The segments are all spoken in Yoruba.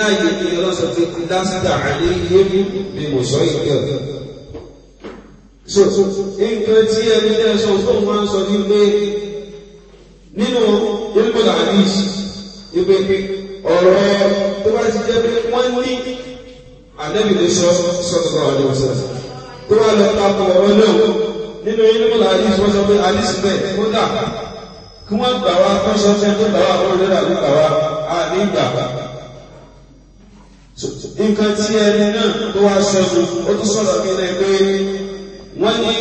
láàyè ní ọlọ́sọ̀ pé lásìkò àlẹ́ yémi ni mo sọ ìkẹ́ so nǹkan tí ẹni náà sọ fún wa ń sọ ní pé nínú ilmọ̀ hadith ìpè ọ̀rọ̀ tó bá ti jẹ́ pé wọ́n ní ànábì ló sọ sọ́dọ̀ ọ̀dọ̀ ọ̀sẹ̀ tó wà lọ tapọ̀ ọ̀rọ̀ náà nínú ilmọ̀ hadith wọ́n sọ pé hadith bẹ́ẹ̀ kódà kí wọ́n gbà wá kọ́sọ́sẹ́ tó gbà wá ó lera ló gbà wá àní gbà nǹkan tí ẹni náà tó wá sọnù ó tún sọ̀rọ̀ mí náà pé wọ́n ní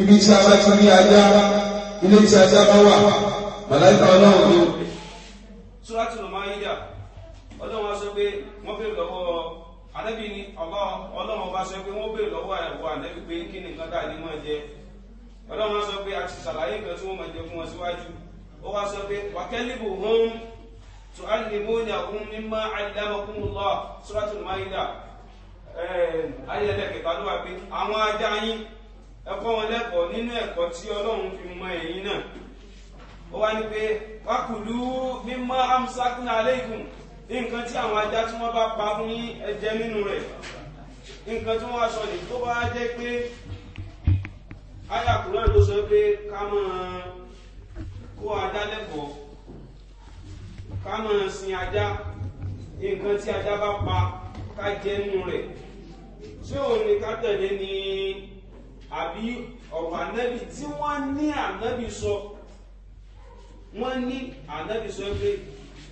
ibi tí a bá ti rí ajá ilé tí ajá bá wà màláìka ọlọ́run ni. Súrátì ló máa ń yíjà ọlọ́run á sọ pé wọ́n bèèrè lọ́wọ́ ànábì ni ọlọ́run bá sọ pé wọ́n bèèrè lọ́wọ́ àyẹ̀wò ànábì pé kí ni nǹkan dàní máa jẹ ọlọ́run á sọ pé a ti ṣàlàyé nǹkan tí wọ́n máa jẹ fún wọn síwájú ó wá sọ pé wàkẹ́lì تعلمونهم مما علمكم الله سورة المائدة ayé ẹlẹ́kẹ̀ta ló wà pé àwọn ajá yín ẹ̀kọ́ wọn lẹ́kọ̀ọ́ nínú ẹ̀kọ́ tí ọlọ́run fi mọ ẹ̀yìn náà ó wá ní pé wákùlú mímọ́ amsakin aleikum nǹkan tí àwọn ajá tí wọ́n bá pa fún yín ẹ jẹ nínú rẹ̀ nǹkan tí wọ́n wá sọ ní tó bá jẹ́ pé ayàkùnrin ló sọ pé ká máa kó ajá ká máa sin ajá nǹkan tí ajá bá pa ká jẹ́ nínú rẹ̀ ṣé òun ni ká tẹ̀lé ni àbí ọ̀rọ̀ ànábì tí wọ́n ní ànábì sọ wọ́n ní ànábì sọ pé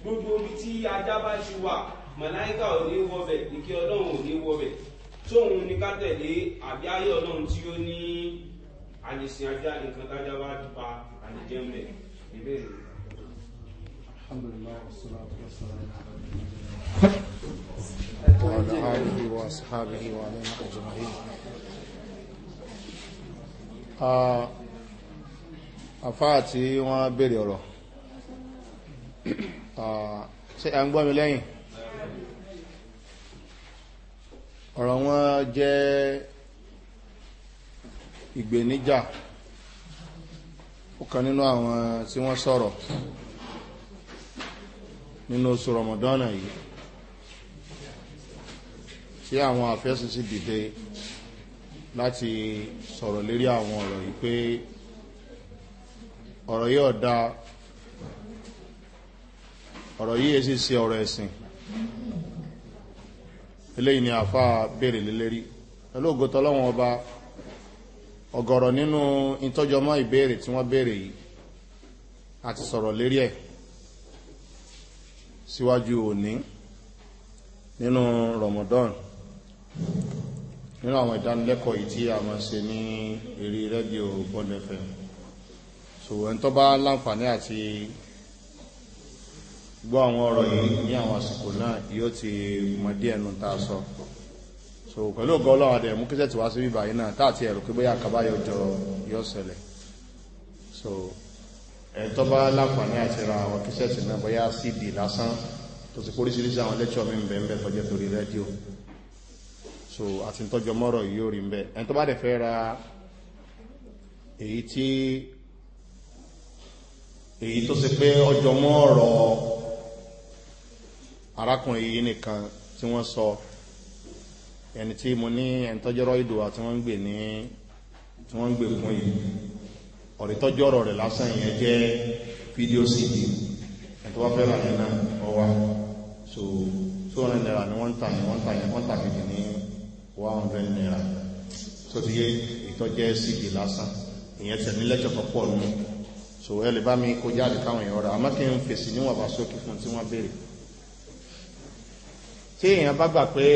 gbogbo omi tí ajá bá ti wà màláíkà ò ní wọbẹ̀ ìkẹ́ ọlọ́run ò ní wọbẹ̀ tóun ní ká tẹ̀lé àbí ayé ọlọ́run tí ó ní àyèsí ajá nǹkan tájá bá ti pa àdìjẹ́ mẹ́ ìbéèrè. الحمد لله والصلاة والسلام على نبينا وعلى آله وأصحابه وعلينا أجمعين àfáà wọ́n bèèrè ọ̀rọ̀ ṣe à ń gbọ́ mi lẹ́yìn ọ̀rọ̀ wọn jẹ́ ìgbèníjà ọ̀kan nínú àwọn tí wọ́n sọ̀rọ̀ nínú oṣù rọmọdọ́nà yìí tí àwọn àfẹ́sì sí dìde láti sọ̀rọ̀ lérí àwọn ọ̀rọ̀ yìí pé ọ̀rọ̀ yìí ọ̀dá ọ̀rọ̀ yìí èsì sí ọ̀rọ̀ ẹ̀sìn eléyìí ni àfá bèèrè lélérí ẹlóògótọ́ lọ́wọ́n ọba ọ̀gọ̀rọ̀ nínú ìtọ́jọmọ́ ìbéèrè tí wọ́n bèèrè yìí àti sọ̀rọ̀ lérí ẹ̀ síwájú òní nínú Ramadan nínú àwọn ìdánilẹ́kọ̀ọ́ yìí tí a máa ṣe ní eré rẹ́díò bọ́ndẹ̀fẹ́ so ẹni tó bá láǹfààní àti gbọ́ àwọn ọ̀rọ̀ yìí ní àwọn àsìkò náà yóò ti mọ̀ díẹ̀ nù tá so pẹ̀lú ọgọ́ ọlọ́run adẹ̀ mú kíṣẹ́ tí wá sí bíbá yìí náà táàtì ẹ̀rù pé bóyá àkàbáyọ̀ jọ yóò so ẹ̀tọ́ bá láǹfààní àṣírà àwọn kíṣẹ́sì náà bóyá cd lásán tó ti póríṣiríṣi àwọn lẹ́tọ̀ mi ń bẹ̀ ń bẹ̀ tọ́jẹ́ torí rédíò so àti tọ́jọ mọ́rọ̀ yóò rí ń bẹ̀ ẹni tó bá dẹ̀ fẹ́ ra èyí tí èyí tó ṣe pé ọjọ́ mọ́ ọ̀rọ̀ arákùnrin yìí nìkan tí wọ́n sọ ẹni tí mo ní ẹni tọ́jọ́rọ́ ìdò wọ́n ń gbè ní tí wọ́n ń gbè fún yìí ọ̀rẹ́ tọ́jú ọ̀rọ̀ rẹ̀ lásán yẹn jẹ́ fídíò cd ẹ̀tọ́ wá fẹ́ràn yẹn náà ọwá so two hundred naira ni wọ́n tà ní wọ́n tà ní wọ́n tà fìdí ní one naira so ti yé ìtọ́jẹ́ cd lásán ìyẹn tẹ̀ ní lẹ́tọ̀ tó pọ̀ nù so ẹ lè bá mi kó jáde káwọn èèyàn rà àmọ́ kí n fèsì níwọ̀n bá sókè fún tí wọ́n béèrè tí èèyàn bá gbà pé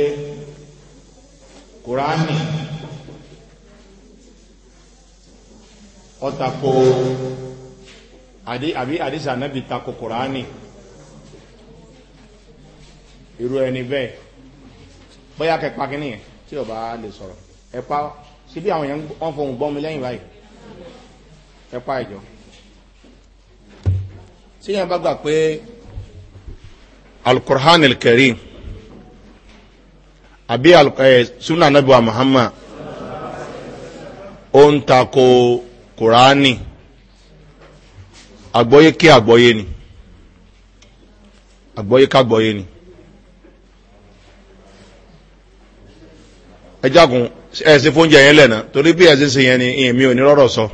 kùránì ọ̀tàkò àbí àdísà náàbì takò kòránì irú ẹni bẹ́ẹ̀ bóyá kẹpa kíní yẹn tí ò bá lè sọ̀rọ̀ ẹ̀pá sí bí àwọn èèyàn wọ́n fohùn gbọ́n mi lẹ́yìn báyìí ẹ̀pá ìjọ tí yẹn bá gbà pé alukur'an kẹrin àbí eh, sunna anabi wa muhammad ó ń takò kùránì àgbọ́yé kí àgbọ́yé ni àgbọ́yé kágbọ́yé ni ẹ jágun ẹ̀sìn fóúnjẹ yẹn lẹ̀nà torí bí ẹ̀sìn sí yẹn ni ìyẹn mi ò ní rọ́rọ̀ sọ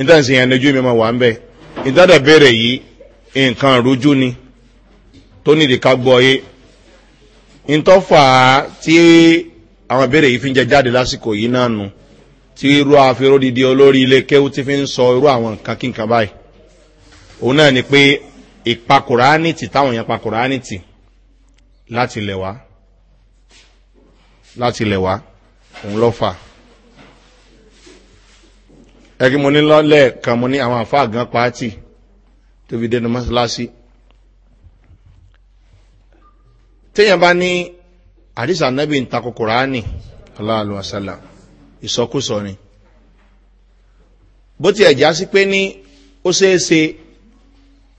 ìtànsì yẹn lójú mi máa wà ń bẹ̀ ìtàdà bẹ̀rẹ̀ yìí nǹkan rújú ni tó nídìí kágbọ́yé ìtọ́fà tí àwọn ìbéèrè yìí fi ń jẹ jáde lásìkò yìí náà nù. No tí irú àfihàn dìde olórí ilé kéwú ti fi ń sọ irú àwọn nǹkan kí nǹkan báyìí òun náà ni pé ìpakùránìtì táwọn èèyàn pakùránìtì láti ilẹ̀ wá láti ilẹ̀ wá òun lọ́ fà ẹgbẹ́ mo ní lọ́lẹ̀ kan mo ní àwọn àfáà gan pàátì tó fi dénú mọ́sálásí téèyàn bá ní àdìsàn nábì ń takò kùránì aláàlú àsálàmù ìsọkúsọ ni bó ti ẹ̀já sí pé ní ó ṣeéṣe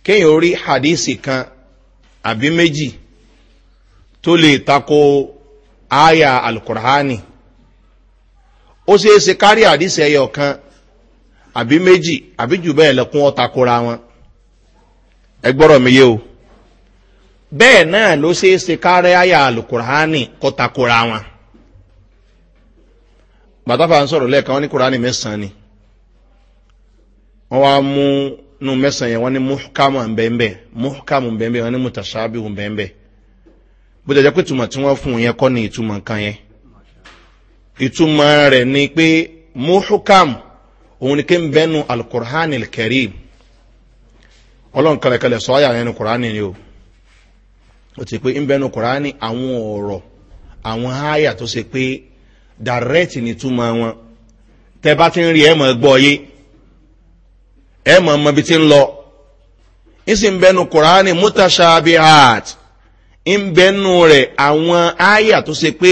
kéèyàn orí hadisi kan àbí méjì tó lè tako aya alukur'ani ó ṣeéṣe kárí hadisi ẹyọ kan àbí méjì àbí jù bẹ́ẹ̀ lẹ́kún ọ́ takora wọn ẹ gbọ́dọ̀ mi yé o bẹ́ẹ̀ náà ló ṣeéṣe kárí aya alukur'ani kọ́ takora wọn. gbàtàfà ń sọ̀rọ̀ lẹ́ẹ̀kan wọ́n ní kùránì mẹ́sàn ni wọ́n wá mú nù mẹ́sàn yẹn wọ́n ní muhkamu bẹ́ẹ̀nbẹ́ẹ̀ muhkamu bẹ́ẹ̀nbẹ́ẹ̀ wọ́n ní mutashabihu bẹ́ẹ̀nbẹ́ẹ̀ bó pé ìtumọ̀ tí wọ́n fún yẹn kọ́ ni ìtumọ̀ kan yẹn ìtumọ̀ ni pé muhkamu òun n ọlọ́run sọ ayà kùránì o ó ti pé kùránì àwọn ọ̀rọ̀ àwọn tó direct ni túmọ̀ wọn tẹ bá ti ń rí ẹ mọ̀ gbọ́ yé ẹ mọ̀ mọ̀ bí ti ń lọ ìsìn bẹnu kùránì mutashabihat ń bẹnu rẹ̀ àwọn àyà tó ṣe pé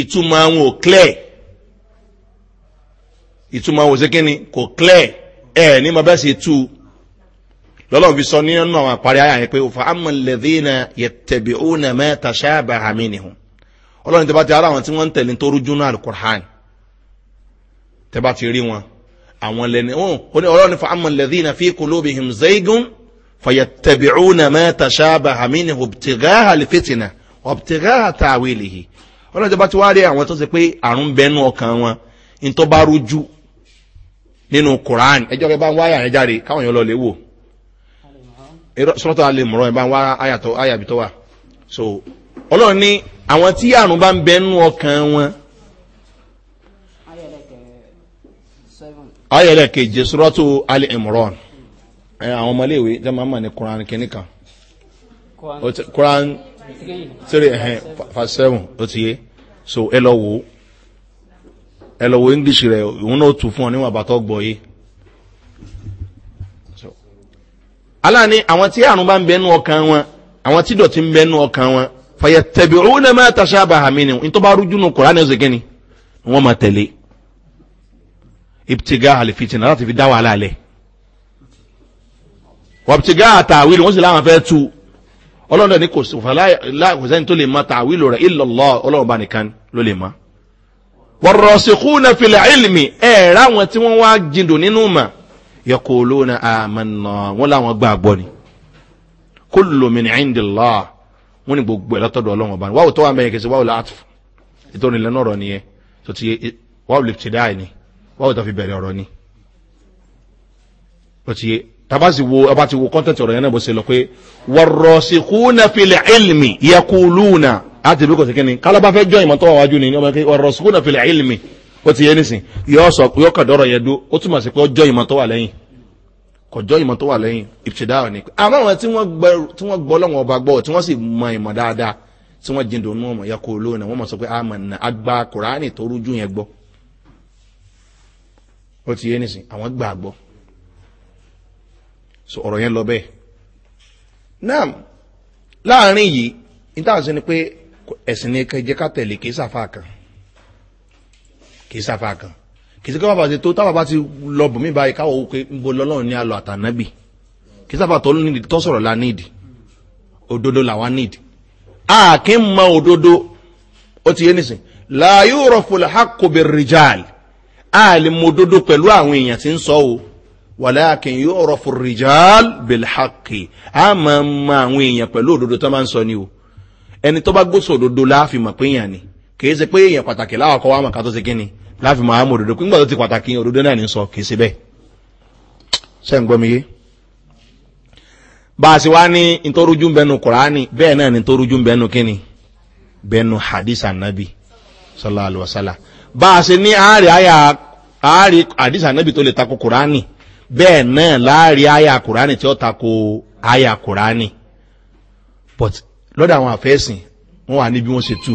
ìtumọ̀ àwọn ò clear ìtumọ̀ àwọn ò ṣe kíni kò clear ẹ ní ma bẹ́ẹ̀ ṣe tú lọ́lọ́run fi sọ nínú àwọn àparí àyà yẹn pé òfò amọ̀lẹ́dínà yẹtẹ̀bí òun náà mẹ́ta ṣáàbà nìhun ọlọ́run tẹ́bá ti ara àwọn tí wọ́n ń tẹ̀lé tó rújú náà alukur'an tẹ́bá ti rí wọn àwọn lẹ́ni wọn ò ní ọlọ́run fa amọ̀ lẹ́dí iná fi kúlóbi him zaygun fàyẹ tẹ̀bìcú na mẹ́ta ṣáàbà hamini obtigaha lifitina obtigaha tawilihi ọlọ́run tẹ́bá ti wá rí àwọn tó ṣe pé àrùn bẹnu ọkàn wọn ní tó bá rújú nínú kur'an ẹjọ́ rẹ bá ń wáyà rẹ jáde káwọn yẹn lọ lè wò sọ́tọ̀ alẹ́ mọ̀rọ̀ ọlọ́run ní àwọn tí àrùn bá ń bẹ ọkàn wọn. ayẹlẹ keje surọtu ali imran àwọn ọmọléèwé jẹ máa ń ní quran kìíní kan quran three ẹhẹn eh, fa seven ó ti yé so ẹ lọ english rẹ òun náà tù fún ọ níwọ̀n àbátọ́ gbọ́ yé àwọn tí àrùn bá ń ọkàn wọn àwọn tí dọ̀tí ń ọkàn wọn fàyẹ̀tẹ̀bì òun náà máa tàṣà àbàhàmì ni ní tó bá rújú nù kùránì ọ̀sẹ̀ gẹ́ni wọ́n máa tẹ̀lé ibtiga àlèfitì náà láti fi dá wàhálà alẹ́ wàbtiga àtàwílì wọ́n sì láwọn fẹ́ tu ọlọ́run ní kò sí láàkùsẹ́ni tó lè ma tàwílò rẹ̀ ìlọ́lọ́ ọlọ́run bá nìkan ló lè ma wọ̀rọ̀sìkú na filẹ̀ ilmi ẹ̀ẹ̀rá wọn tí wọ́n wá jìndò nínú mà yọkọ̀ olóòna àmàna wọ́n láwọn gbàgbọ́ ni kúlùmìnì wọ́n ní gbogbo ẹ̀ lọ́tọ̀dọ̀ ọlọ́run ọba wáwò tó wà mẹ́yìn kẹsì wáwò láàtù ètò ìrìnlẹ̀ náà ọ̀rọ̀ nìyẹn tó ti wáwò lè ti dáì ni wáwò tó fi bẹ̀rẹ̀ ọ̀rọ̀ ni. ó ti taba si wo ọba ti wo kọ́ńtẹ̀ntì ọ̀rọ̀ yẹn náà bó ṣe lọ pé wọ̀rọ̀sìkúnà filẹ̀ ilmi yakuluna á ti bí kò sí kíni kálábà fẹ́ jọ ìmọ̀tọ́ kọjọ́ ìmọ̀ tó wà lẹ́yìn ìṣẹ̀dá ni àmọ́ àwọn tí wọ́n gbọ́ lọ́wọ́ ọba gbọ́ tí wọ́n sì mọ ìmọ̀ dáadáa tí wọ́n jìn dòun mọ̀ ya kó lónà wọ́n mọ̀ sọ pé àmọ̀ nà àgbà kùránì tó rújú yẹn gbọ́ ó ti yé nísìn àwọn gbà gbọ́ so ọ̀rọ̀ yẹn lọ bẹ́ẹ̀ náà láàrin yìí níta sí ni pé ẹ̀sìn ni kẹjẹ ká tẹ̀lé kì sàfà kan kì sàfà kan kìsí ká bàbá ti tó tábàbá ti lọ bùnmí báyìí káwọ́ òkè ń bo lọ́lọ́run ní alọ́ àtànábì kìsí àbá tó nídìí tó sọ̀rọ̀ la nídìí òdodo làwa nídìí a kì í mọ òdodo ó ti yé nísìn láàyè òrọ̀fọlẹ̀ hakobe rijal a lè mọ òdodo pẹ̀lú àwọn èèyàn tí ń sọ o wàláàkì yóò òrọ̀fọ rijal bilhaki a máa mọ àwọn èèyàn pẹ̀lú òdodo tó máa ń sọ ni o ẹni tó bá gbósò òdodo láàfin mọ̀ pé èèyàn ni kì í ṣe pé èèyàn pàtàkì láwọn akọwà mọ̀ ká tó ṣe kí ni láfi máa mọ òdodo nígbà tó ti pàtàkì òdodo náà ní sọ kì í ṣe bẹ́ẹ̀ ṣe ń gbọ́ mi yé bá a ṣe wá ní ìtọ́rújú bẹnu kùránì bẹ́ẹ̀ náà ní ìtọ́rújú bẹnu kíni bẹnu hadisa nabi sallallahu alaihi wasallam bá a ṣe ní àárẹ̀ àyà àárẹ̀ hadisa nabi tó lè takò kùránì bẹ́ẹ̀ náà láàrin àyà kùránì tí ó takò àyà kùránì but lọ́dọ̀ àwọn àfẹ́sìn wọ́n wà níbi wọ́n ṣe tù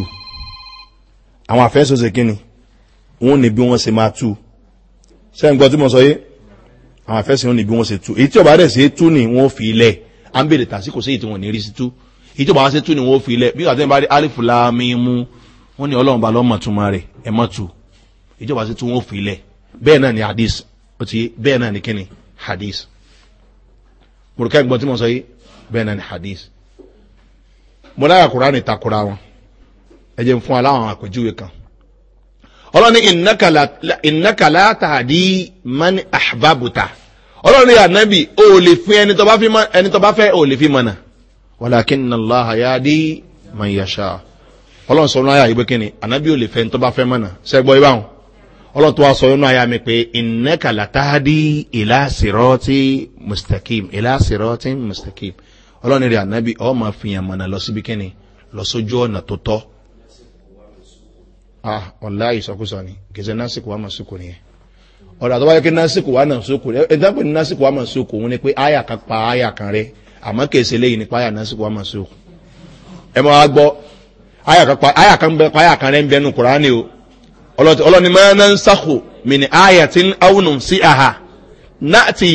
àwọn àfẹ́sìn ó ṣe kíni wọn ní bí wọn ṣe máa tú sẹ́yìn gbọ́ tí mo sọ yé àwọn afẹ́sìn wọn ní bí wọn ṣe tú èyí tí ọba rẹ̀ ṣe tú ni wọn fi ilẹ̀ à ń bèrè tàṣí kò sí èyí tí wọn ní rí sí tú èyí tí ọba wọn ṣe tú ni wọn fi ilẹ̀ bí wàá tẹ́ ń bá rí alifu láàmì mú wọn ní ọlọ́run ba lọ́mọ túmọ̀ rẹ̀ ẹ mọ́ tu èyí tí ọba ṣe tú wọn fi ilẹ̀ bẹ́ẹ̀ náà ni hadith ó ti bẹ́ẹ̀ náà ni kíni hadith mùrùkẹ́ gbọ́ tí mo sọ yé bẹ́ẹ̀ náà ni hadith mo láyà kúránì takura wọn ẹ jẹ́ fún aláwọn àpèjúwe kan ọlọ́ni ìnákàlá tàdí mani àbábùtà ọlọ́ni ànábì ó lè fún ẹni tó bá fẹ́ ó lè fi mọ̀nà wàlákin nàlá àyádí mayasha ọlọ́run sọ nínú àyà ìgbé kíni ànábì ó lè fẹ́ ẹni tó bá fẹ́ mọ̀nà sẹ́gbọ́ ibáhùn ọlọ́run tó wá sọ nínú àyà mi pé ìnákàlá tàdí ìlàsìrọ́tì mustakim ìlàsìrọ́tì mustakim ọlọ́ni rẹ̀ ànábì ọ ah wàláyé ìsọkúsọ ni kìsẹ́ násìkò wà máa sókò nìyẹn ọ̀rọ̀ àtọ́wá yẹ kí wà wà òun ni pé àyà kan pa àyà kan rẹ àmọ́ kèsè léyìn nípa àyà násìkò wà máa sókò mọ́ wa gbọ́ àyà kan pa àyà kan o ọlọ́tí ọlọ́ni máa ń sáko àyà ń sí àhà náàtì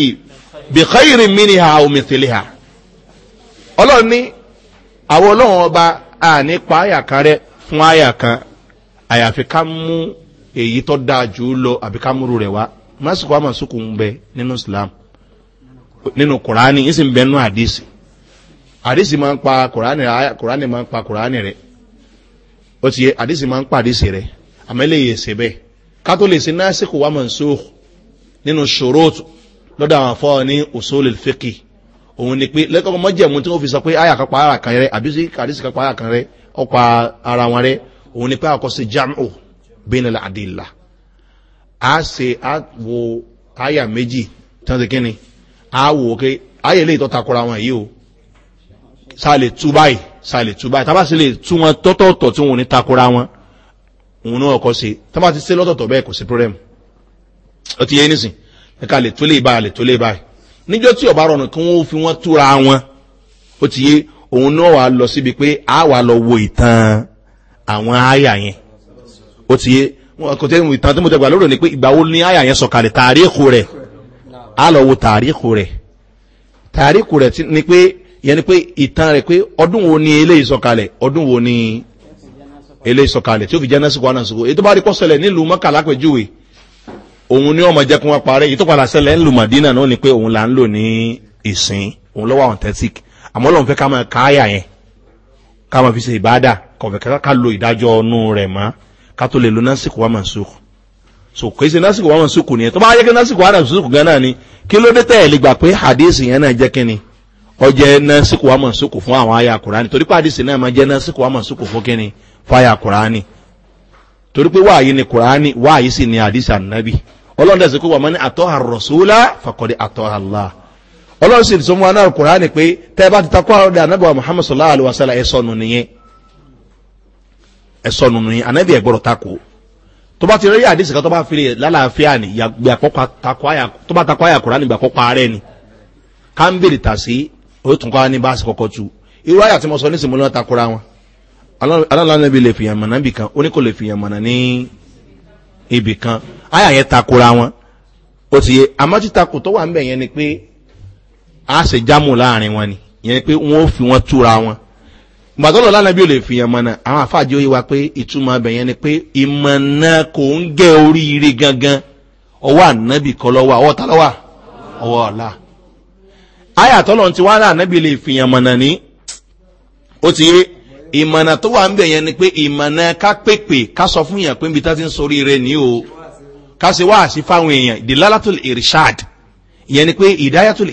ha omi ha ọlọ́ni àwọn ọba àní pa àyà kan rẹ fún àyà àyàfi ká mú èyí tó dáa jù ú lọ àbí ká múru rẹ̀ wá másìkò àmọ̀ ń bẹ nínú islam nínú kùránì ń sì ń bẹ nínú àdìsí àdìsí máa ń pa kùránì rẹ̀ kùránì máa ń pa kùránì rẹ̀ ó ti yẹ àdìsí máa ń pa àdìsí rẹ̀ àmẹ́lẹ́yẹ ṣe bẹ́ẹ̀ ká tó lè ṣe násìkò wàmọ̀ sùkùn nínú ṣòrótù lọ́dọ̀ àwọn afọ́ ní òṣòlè fẹ́kì òun ni pé lẹ́kọ̀ọ́ mọ́jẹ̀mú tí wọ́n fi sọ pé àyà kan pa ara kan rẹ àbí sí àdìsí kan pa ara kan rẹ ọ̀pá ara wọn rẹ òun ni pé àkọsí jam'u bẹ́ẹ̀ni làdìlà a ṣe a wo aya méjì tán ti a wò ké aya ilé ìtọ́ takora wọn yìí o sáà lè tú báyìí sáà lè tú báyìí tábà sí lè tú wọn tọ́tọ̀ọ̀tọ̀ tí wọn ò ní takora wọn òun náà kọ́ sí tábà ti ṣe lọ́tọ̀ọ̀tọ̀ bẹ́ẹ̀ kò sí problem ó ti yẹ nísìn ẹ̀ka lè tó lè báyìí lè tó lè tí ọ̀bá rọrùn kí wọ́n fi wọ́n túra wọn ó ti yé òun náà wà lọ síbi pé a wà lọ wo ìtàn àwọn àyà yẹn ó ti yé wọn kò tẹ́ ìtàn tí mo tẹ́gbà lórí ni pé ìgbà wo ní àyà yẹn sọ̀kalẹ̀ tàríkù rẹ̀ á lọ wo tàríkù rẹ̀ tàríkù rẹ̀ ni pé yẹn ni pé ìtàn rẹ̀ pé ọdún wo ni eléyìí sọ̀kalẹ̀ ọdún wo ni eléyìí sọ̀kalẹ̀ tí ó fi jẹ́ násìkò ànásìkò èyí tó bá rí kọ́ sẹlẹ̀ nílùú mọ́kà lápẹ̀júwe òun ni ọmọ jẹ́ kí wọ́n parẹ́ ni pé òun là ń lò ní ìsìn ká máa fi ṣe ìbáàdà kọ̀fẹ́ ká lo ìdájọ́ ọ̀nù rẹ̀ mọ́ ká tó lè lo násìkò wa màsúkù so kì í ṣe násìkò wa màsúkù nìyẹn tó bá yẹ kí násìkò wa màsúkù gan náà ni kí ló dé tẹ̀lé gbà pé hadith yẹn náà jẹ́ kínni ọjẹ́ násìkò wa màsúkù fún àwọn aya kùránì torí pé hadith náà máa jẹ́ násìkò wa màsúkù fún kínni fáyà kùránì torí pé wáàyí ni kùránì wáàyí sì ni hadith ànábì ọlọ́run dẹ̀ sọ pé wàá máa ní àtọ́ àrọ̀sọ́lá fàkọ́dé àtọ́ àlá ọlọ́run sì sọ fún wa náà kùránì pé tẹ́ bá ti takọ́ àrọ́dẹ anábìwá muhammed sallallahu alayhi wa sallam ẹ̀sọ́ nù nìyẹn ẹ̀sọ́ nù nìyẹn anábì ẹ̀gbọ́dọ̀ takò tó bá ti rí àdìsí kan tó bá fi lálàáfíà ni tó bá takọ́ àyà gbà kọ́kọ́ ààrẹ ni kọ́ báàsì kọ́kọ́ tu irú àyà tí mo sọ nísìnyí mo lọ́ọ́ takora á se jamu láàrin wọn ni ìyẹn pé wọn ò fi wọn túra wọn gbàdọ́lọ̀ lánàá bí ó lè fìyàn mọ̀nà àwọn àfáàjì ó yé wa pé ìtumọ̀ abẹ yẹn ni pé ìmọ̀nà kò ń gẹ oríire gangan ọwọ́ ànábì kọ́ lọ́wọ́ àwọ̀ ta lọ́wọ́ ọwọ́ ọ̀la ayàtọ́lọ̀ ti wá láàánú bí lè fìyàn mọ̀nà ní ó ti yé ìmọ̀nà tó wà ń bẹ̀ yẹn ni pé ìmọ̀nà ká pèpè ká sọ fún yàn pé níbi tá ti ń sorí rẹ ní o ká ṣe wá àṣìfáwọn èèyàn ìdílálátò ìrìṣáàdì ìyẹn ni pé ìdáyàtò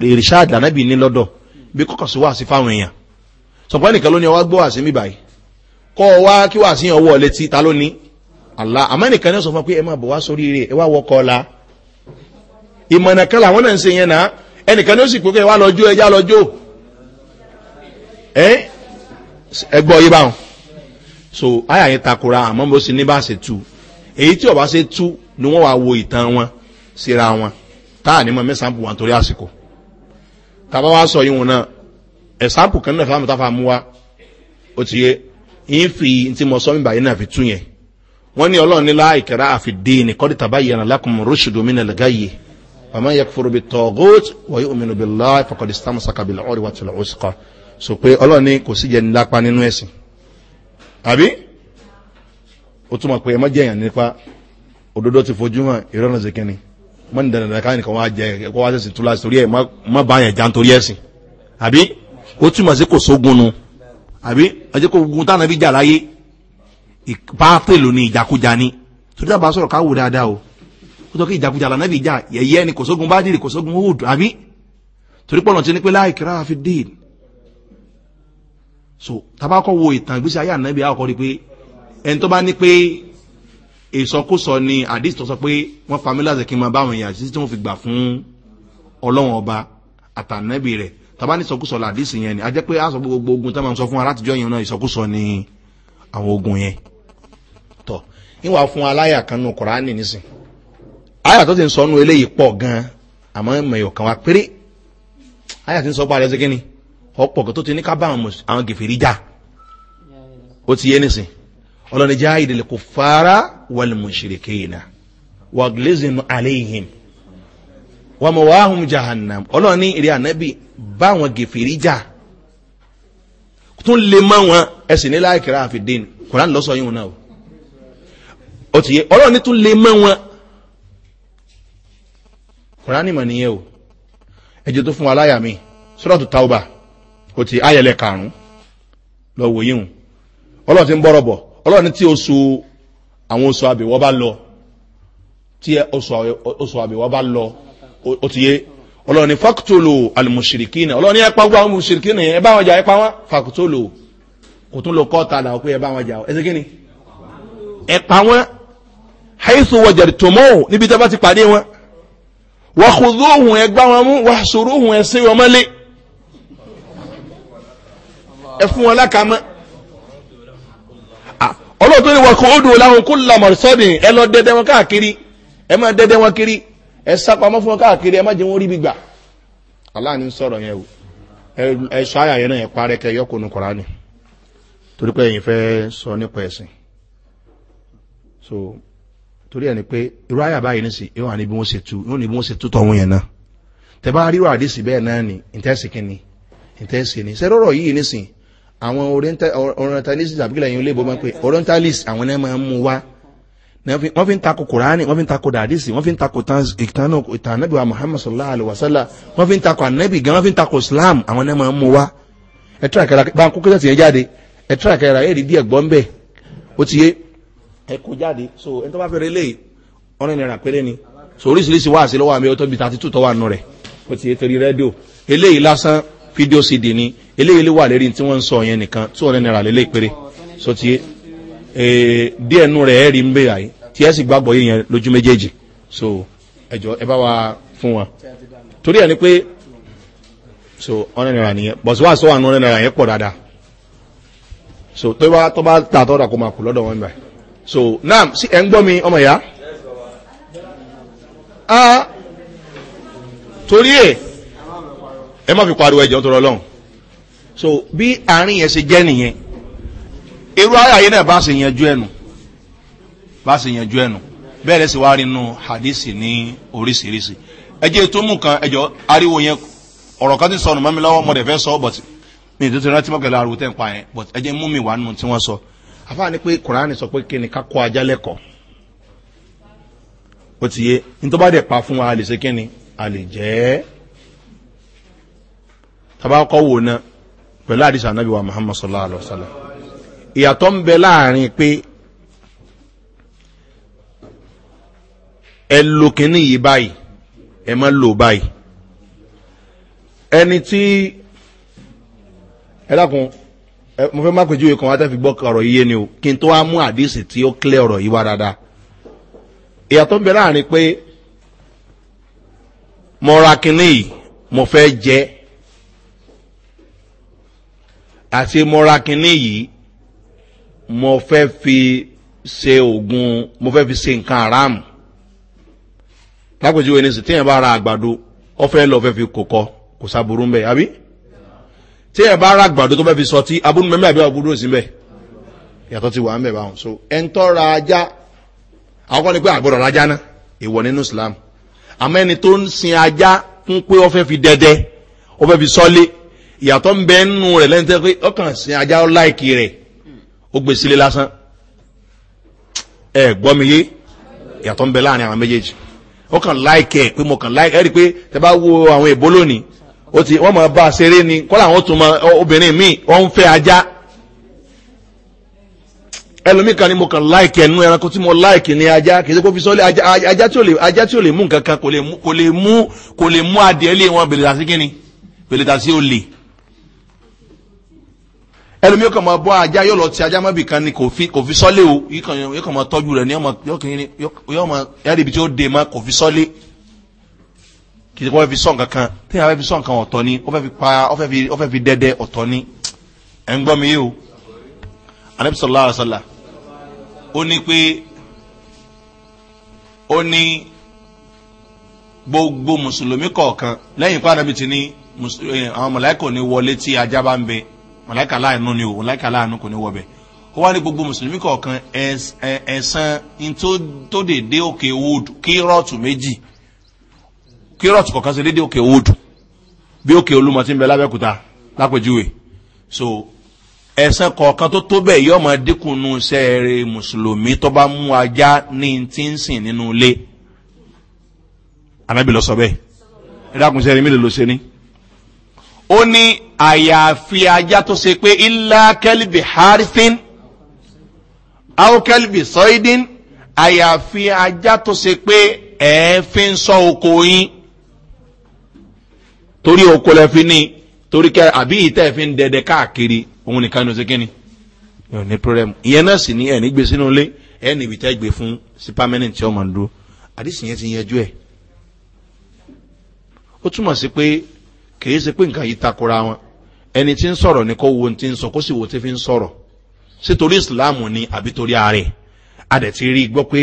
ìrìṣáàdì ànábì ní lọ́dọ̀ bí kọ́kọ́ sí wàásí fáwọn èèyàn sọ̀pọ̀ nìkan ló ní ọwá gbọ́ wàásí mi báyìí kọ́ ọ wá kí wàásí yẹn ọwọ́ létí ta ló ní àlá àmọ́ nìkan ní sọ fún pé ẹ máa bọ̀ wá sórí rẹ̀ ẹ wá wọkọ̀ ọ̀la ìmọ̀nà kan làwọn náà ń se yẹn náà ẹnìkan ní ó sì pé kẹ́ ẹ wá lọ́jọ́ ẹ já lọ́jọ́ ẹ gbọ́ yí báwọn so àyà yẹn takora àmọ́ mo sì ní bá ṣe tu èyí tí ọba ṣe tu ni wọ́n wá wo ìtàn wọn síra wọn táà ní mọ mẹ́sàmpù wà nítorí àsìkò tàbá wá sọ yíwọ̀n náà ẹ̀sàmpù kan náà fáwọn táfà mú wa ó ti yé yín fi ti mọ sọ́mi báyìí náà fi tún yẹn wọ́n ní ọlọ́run nílá ìkẹ́rẹ́ àfi déènì kọ́dí tàbá yẹn alákùnrin rúṣùdù mí nàlẹ́gá yìí bàmá yẹ fúru bi tọ́gọ́t wọ́n yóò mìíràn bi láì fọkàdé sàmùsàkà bi lọ́ọ̀rì wà tìlọ̀ òsìkọ́ so pé ọlọ́run ní kò sí jẹ́ nílápá nínú ẹ̀sìn àbí ó túmọ̀ pé ẹ má jẹ́ èèyàn nípa òdodo ti fojú hàn ìrọ́nà zèkínni mọ́ ní dandan káyọ̀ nìkan wá jẹ kó wá sẹ̀sìn tó láti torí ẹ̀ má bá yẹn já nítorí ẹ̀sìn àbí ó túmọ̀ sí kò sógun nu àbí ọjọ́ kò gun táwọn ẹbí jà láyé ìpáàtì lónìí ìjàkújà ni torí dábàá sọ̀rọ̀ káwò dáadáa o ó tọ́ kí ìjàkújà lànà bí ìjà yẹ̀yẹ́ ni kò sógun bá dìrì kò sógun ó dùn àbí torí pọ̀nà ti ní pé láì kíra fi dìín so tabakọ̀ wo ìtàn ìgbésí ayé ànábì àkọ́rí pé ẹni tó bá ní pé ìsọkúsọ ni àdìs tó sọ pé wọ́n pa mí láti kí n máa bá àwọn èèyàn títí tí wọ́n fi gbà fún ọlọ́wọ́n ọba àtànẹ́bì rẹ̀ tàbá ní ìsọkúsọ làdìs yẹn ni a jẹ́ pé a sọ pé gbogbo ogun tá máa ń sọ fún wa látijọ́ yẹn náà ìsọkúsọ ni àwọn ogun yẹn tọ̀ níwà fún aláyà kan nù kùránì nísìn àyà tó ti sọ nù eléyìí pọ̀ gan àmọ́ mẹ̀yọ̀ kan wá péré àyà ti sọ pé àrẹ́sẹ̀ kínni ọ̀pọ̀ kan tó ti ní ká bá àwọn gèfèrí já ó ti yé nísìn ọlọ́ni já ìdílé kò fara wàlmùsìrìkìnà wàglẹ́sìn àléhìn wọ́n mọ̀ wáhùn jahannam ọlọ́run ní ìrẹ́ ànábì báwọn gèfèrí jà tún lè mọ́ wọn ẹ̀sìn nílá ìkìrá àfìdín kòrán lọ́sọ yíò náà ó ti yé ọlọ́run ní tún lè mọ́ wọn kòrán ní mọ̀nìyẹ o ẹjọ́ tó fún wa láyà mi sọ́dọ̀tù tauba ó ti ayẹlẹ karùn-ún lọ wòye hùn ọlọ́run ti ń bọ́rọ̀ bọ̀ ọlọ́run ti àwọn oṣù àbẹ̀wọ́ bá lọ tí oṣù àbẹ̀wọ́ bá lọ ó ti yé ọlọ́ni fàkútólò alìmùsìrìkínà ọlọ́ni ẹ̀pá gbọ́ àwọn mùsìrìkínà yẹn ẹ̀bá wọn jà ẹ̀pá wọn fàkútólò kò tún lọ kọ́ tààdà ọ̀pẹ́ ẹ̀bá wọn jà ọ̀ ẹ̀sẹ̀ kíni ẹ̀pá wọn haisu wọ̀jẹ̀rì tòmọ́ níbi tẹ́ bá ti pàdé wọn wọ́n kò ló ohun ẹgbá wọn mú wọ́n sòrò ohun ẹ̀sìn wọn mọ́lé ẹ fún wọn lákàmọ́ tó ní wọ̀kú odò láwọn kó lamọ̀ sọ́dìn ẹ lọ dẹ́dẹ́ wọn káàkiri ẹ máa dẹ́dẹ́ wọn kiri ẹ sápamọ́ fún wọn káàkiri ẹ má jẹ́ wọn rí gbígbà aláàánú sọ̀rọ̀ yẹn o ẹ ṣáyà yẹn náà ẹ parẹ́ kẹ yọkùnú kọ̀ránì torí pé ẹ̀yin fẹ́ sọ nípa ẹ̀sìn so torí ẹni pé irú àyà báyìí ní sí yóò wà níbi wọn ṣe tú yóò níbi wọn ṣe tú tọ̀hún yẹn náà tẹ bá ríro àdìsí bẹ́ẹ̀ náà ni ìtẹ́sì àwọn orientalist àbíkìlà yìí olóògbé máa ń pè orientalist àwọn náà máa ń mú wá wọ́n fi ń takò kùránì wọ́n fi ń takò dàdísì wọ́n fi ń takò ìtànàbí wa muhammad sallallahu alaihi wasallam wọ́n fi ń takò ànábì gan wọ́n fi ń takò islam àwọn náà máa ń mú wá ẹ̀tọ́ àkàrà bá ń kó kẹ́sẹ̀ yẹn jáde ẹ̀tọ́ àkàrà ẹ̀rí díẹ̀ gbọ́n bẹ́ẹ̀ ó ti yé ẹ̀kọ́ jáde so ẹni tó bá fẹ́rẹ̀ lé ọ̀rẹ́ nira péré ni so oríṣiríṣi wáàsí lọ́wọ́ àmì ọtọ́ bíi thirty two tọ́wọ́ àánú rẹ̀ ó ti yé torí rédíò eléyìí lásán fídíò cd ni eléyìí lè wà lérí tí wọ́n ń sọ yẹn nìkan tí wọ́n nira lélẹ́ péré so ti e, díẹ̀ nù rẹ̀ ẹ̀ rí ń àyè tí ẹ̀ sì gbàgbọ́ yìí yẹn lójú méjèèjì so ẹ̀jọ̀ ẹ bá wa fún wa torí ẹ̀ ni pé so ọ̀nà nira nìyẹn bọ̀sí wàá sọ wà nù ọ̀nà nira yẹn pọ̀ dáadáa so tó bá tó bá ta tọ́ra kó máa kù lọ́dọ̀ wọn báyìí so nam sí ẹ̀ ń gbọ́ mi ọmọ ìyá ah, torí ẹ̀ ẹ má fi pariwo ẹ̀jẹ̀ tó rọlọ́run so bí àárín yẹn ṣe jẹ́ nìyẹn irú ayé náà bá ṣe yanjú ẹnu bá ṣe yanjú ẹnu bẹ́ẹ̀ lẹ́sìn wá rí inú hadisi ní oríṣiríṣi ẹjẹ́ tó mú kan ẹjọ́ ariwo yẹn ọ̀rọ̀ kan ti sọnù mọ́mi lọ́wọ́ mọ̀dẹ̀ fẹ́ sọ but mi ì tó ti rántí mọ́kànlá ariwo tẹ̀ ń pa yẹn but ẹjẹ́ mú mi wà nù tí wọ́n sọ àfáà ni pé kùránì sọ pé kí ni ká kó ajá lẹ́kọ̀ọ́ ó ti yé ní tó bá dẹ̀ pa fún wa a lè ṣe kí ni a lè jẹ́ tàbá kọ́ wò ná pẹ̀lú àdìsí ànábì wa muhammad sallallahu alayhi wa sallam ìyàtọ̀ ń bẹ láàrin pé ẹ lo kínní yìí báyìí ẹ má lò báyìí ẹni tí ẹ dákun mo fẹ́ má pèjú ìkan wá tẹ́ fi gbọ́ ọ̀rọ̀ yìí ni o kí n tó wá mú àdìsí tí ó kílẹ̀ ọ̀rọ̀ yìí dáadáa ìyàtọ̀ ń bẹ láàrin pé mo ra kínní yìí mo fẹ́ jẹ́ ẹ́ àti mo ra yìí mo fẹ́ fi ṣe oògùn mo fẹ́ fi ṣe nǹkan aráàmù lápèjúwe ní sè téèyàn bá ra àgbàdo ó fẹ́ lọ fẹ́ fi kókọ kò sábúrú ń bẹ̀ àbí téèyàn bá ra àgbàdo tó fẹ́ fi sọtí abúlé mẹ́mẹ́ àbí àbúrò sí bẹ́ẹ̀ yàtọ̀ ti wà ń bẹ̀ báwọn so ẹ̀ ń tọ́ ra ajá àwọn kan ní pé àgbọ̀dọ̀ ra náà ìwọ nínú islam àmọ́ ẹni tó ń sin ajá fún pé ó fẹ́ fi dẹ́dẹ́ ó fẹ́ fi sọ́lé ìyàtọ̀ ń bẹ nínú rẹ̀ lẹ́yìn tẹ́ pé ọkàn sin ajá láìkì rẹ̀ ó gbé sílé lásán ẹ gbọ́ mi yé ìyàtọ̀ ń bẹ láàrin àwọn méjèèjì ọkàn láìkì ẹ̀ pé mo kàn láìkì ẹ̀ rí i pé tẹ bá wo àwọn èbó lónìí ó ti wọ́n máa bá a ṣeré ni kọ́lá àwọn tó mọ obìnrin míì wọ́n ń fẹ́ ajá ẹlòmíì kan ni mo kàn láìkì ẹnu ẹranko tí mo láìkì ní ajá kìí kó fi sọ́lé ajá ajá tí ò lè mú nǹkan kan kò lè mú kò lè mú adìẹ lé wọn bèlè tà sí bèlè tà sí olè ẹlòmí yóò kàn máa bọ́ ajá yóò lọ ti ajá mọ́bì kan ni kò fi kò fi sọ́lé o yóò kàn máa tọ́jú rẹ̀ ní ọmọ yóò kàn ní yóò máa yára ibi tí ó de ma kò fi sọ́lé kì í kọ́ fẹ́ fi sọ́ nǹkan kan tí yàrá fẹ́ fi sọ́ nǹkan ọ̀tọ̀ ni ó fẹ́ fi pa ó fẹ́ fi dẹ́dẹ́ ọ̀tọ̀ ni ẹ̀ ń gbọ́ mi yìí anabi sọlá àṣàlà ó ní pé ó ní gbogbo mùsùlùmí kọ̀ọ̀kan lẹ́yìn pé anabi ti ní eh, àwọn mọ̀láìkò ní wọlé tí ajá bá ń bẹ mọ̀láìkà láàánú ni o mọ̀láìkà láàánú kò ní wọbẹ̀ ó wá ní gbogbo mùsùlùmí kọ̀ọ̀kan ẹ̀sán tó dédé òkè wúdù kírọ̀tù méjì kírọ̀tù kọ̀ọ̀kan ṣe dédé òkè wúdù bí òkè olúmọ ti ń bẹ lábẹ́kúta lápèjúwe so ẹ̀sán kọ̀ọ̀kan tó tó bẹ́ẹ̀ yọ ọmọ dínkù nù sẹ́ẹ̀rẹ̀ mùsùlùmí tó bá mú ajá ní ti ń sìn nínú ilé anábìlọ́sọ bẹ́ẹ̀ ẹ̀dá kùn sẹ́ẹ̀rẹ̀ mi lè lọ ṣe ó ní àyàfi ajá tó ṣe pé ilá kẹlìbì harifin aukẹlìbì sọ́ídín àyàfi ajá tó ṣe pé ẹ̀ẹ́fín sọ oko yín torí oko lẹ́fín ní torí kẹ àbí ìtẹ́ẹ̀fín dẹ̀dẹ̀ káàkiri òun nìkan ló ṣe ni yóò ní pírọ́lẹ́mù ìyẹn náà sì ní ẹ̀ nígbè sínú ilé ẹ̀ níbi tẹ́ gbé fún sí pámẹ́nìtì tí ọmọ ń dúró àdìsí yẹn ti yẹjú ẹ̀ ó túmọ̀ sí pé kìí ṣe pé nǹkan yìí takora wọn ẹni tí ń sọ̀rọ̀ ni kò wo ti ń sọ kó sì wo ti fi ń sọ̀rọ̀ ṣé torí ìsìláàmù ni àbí torí ààrẹ adẹ̀tí rí gbọ́ pé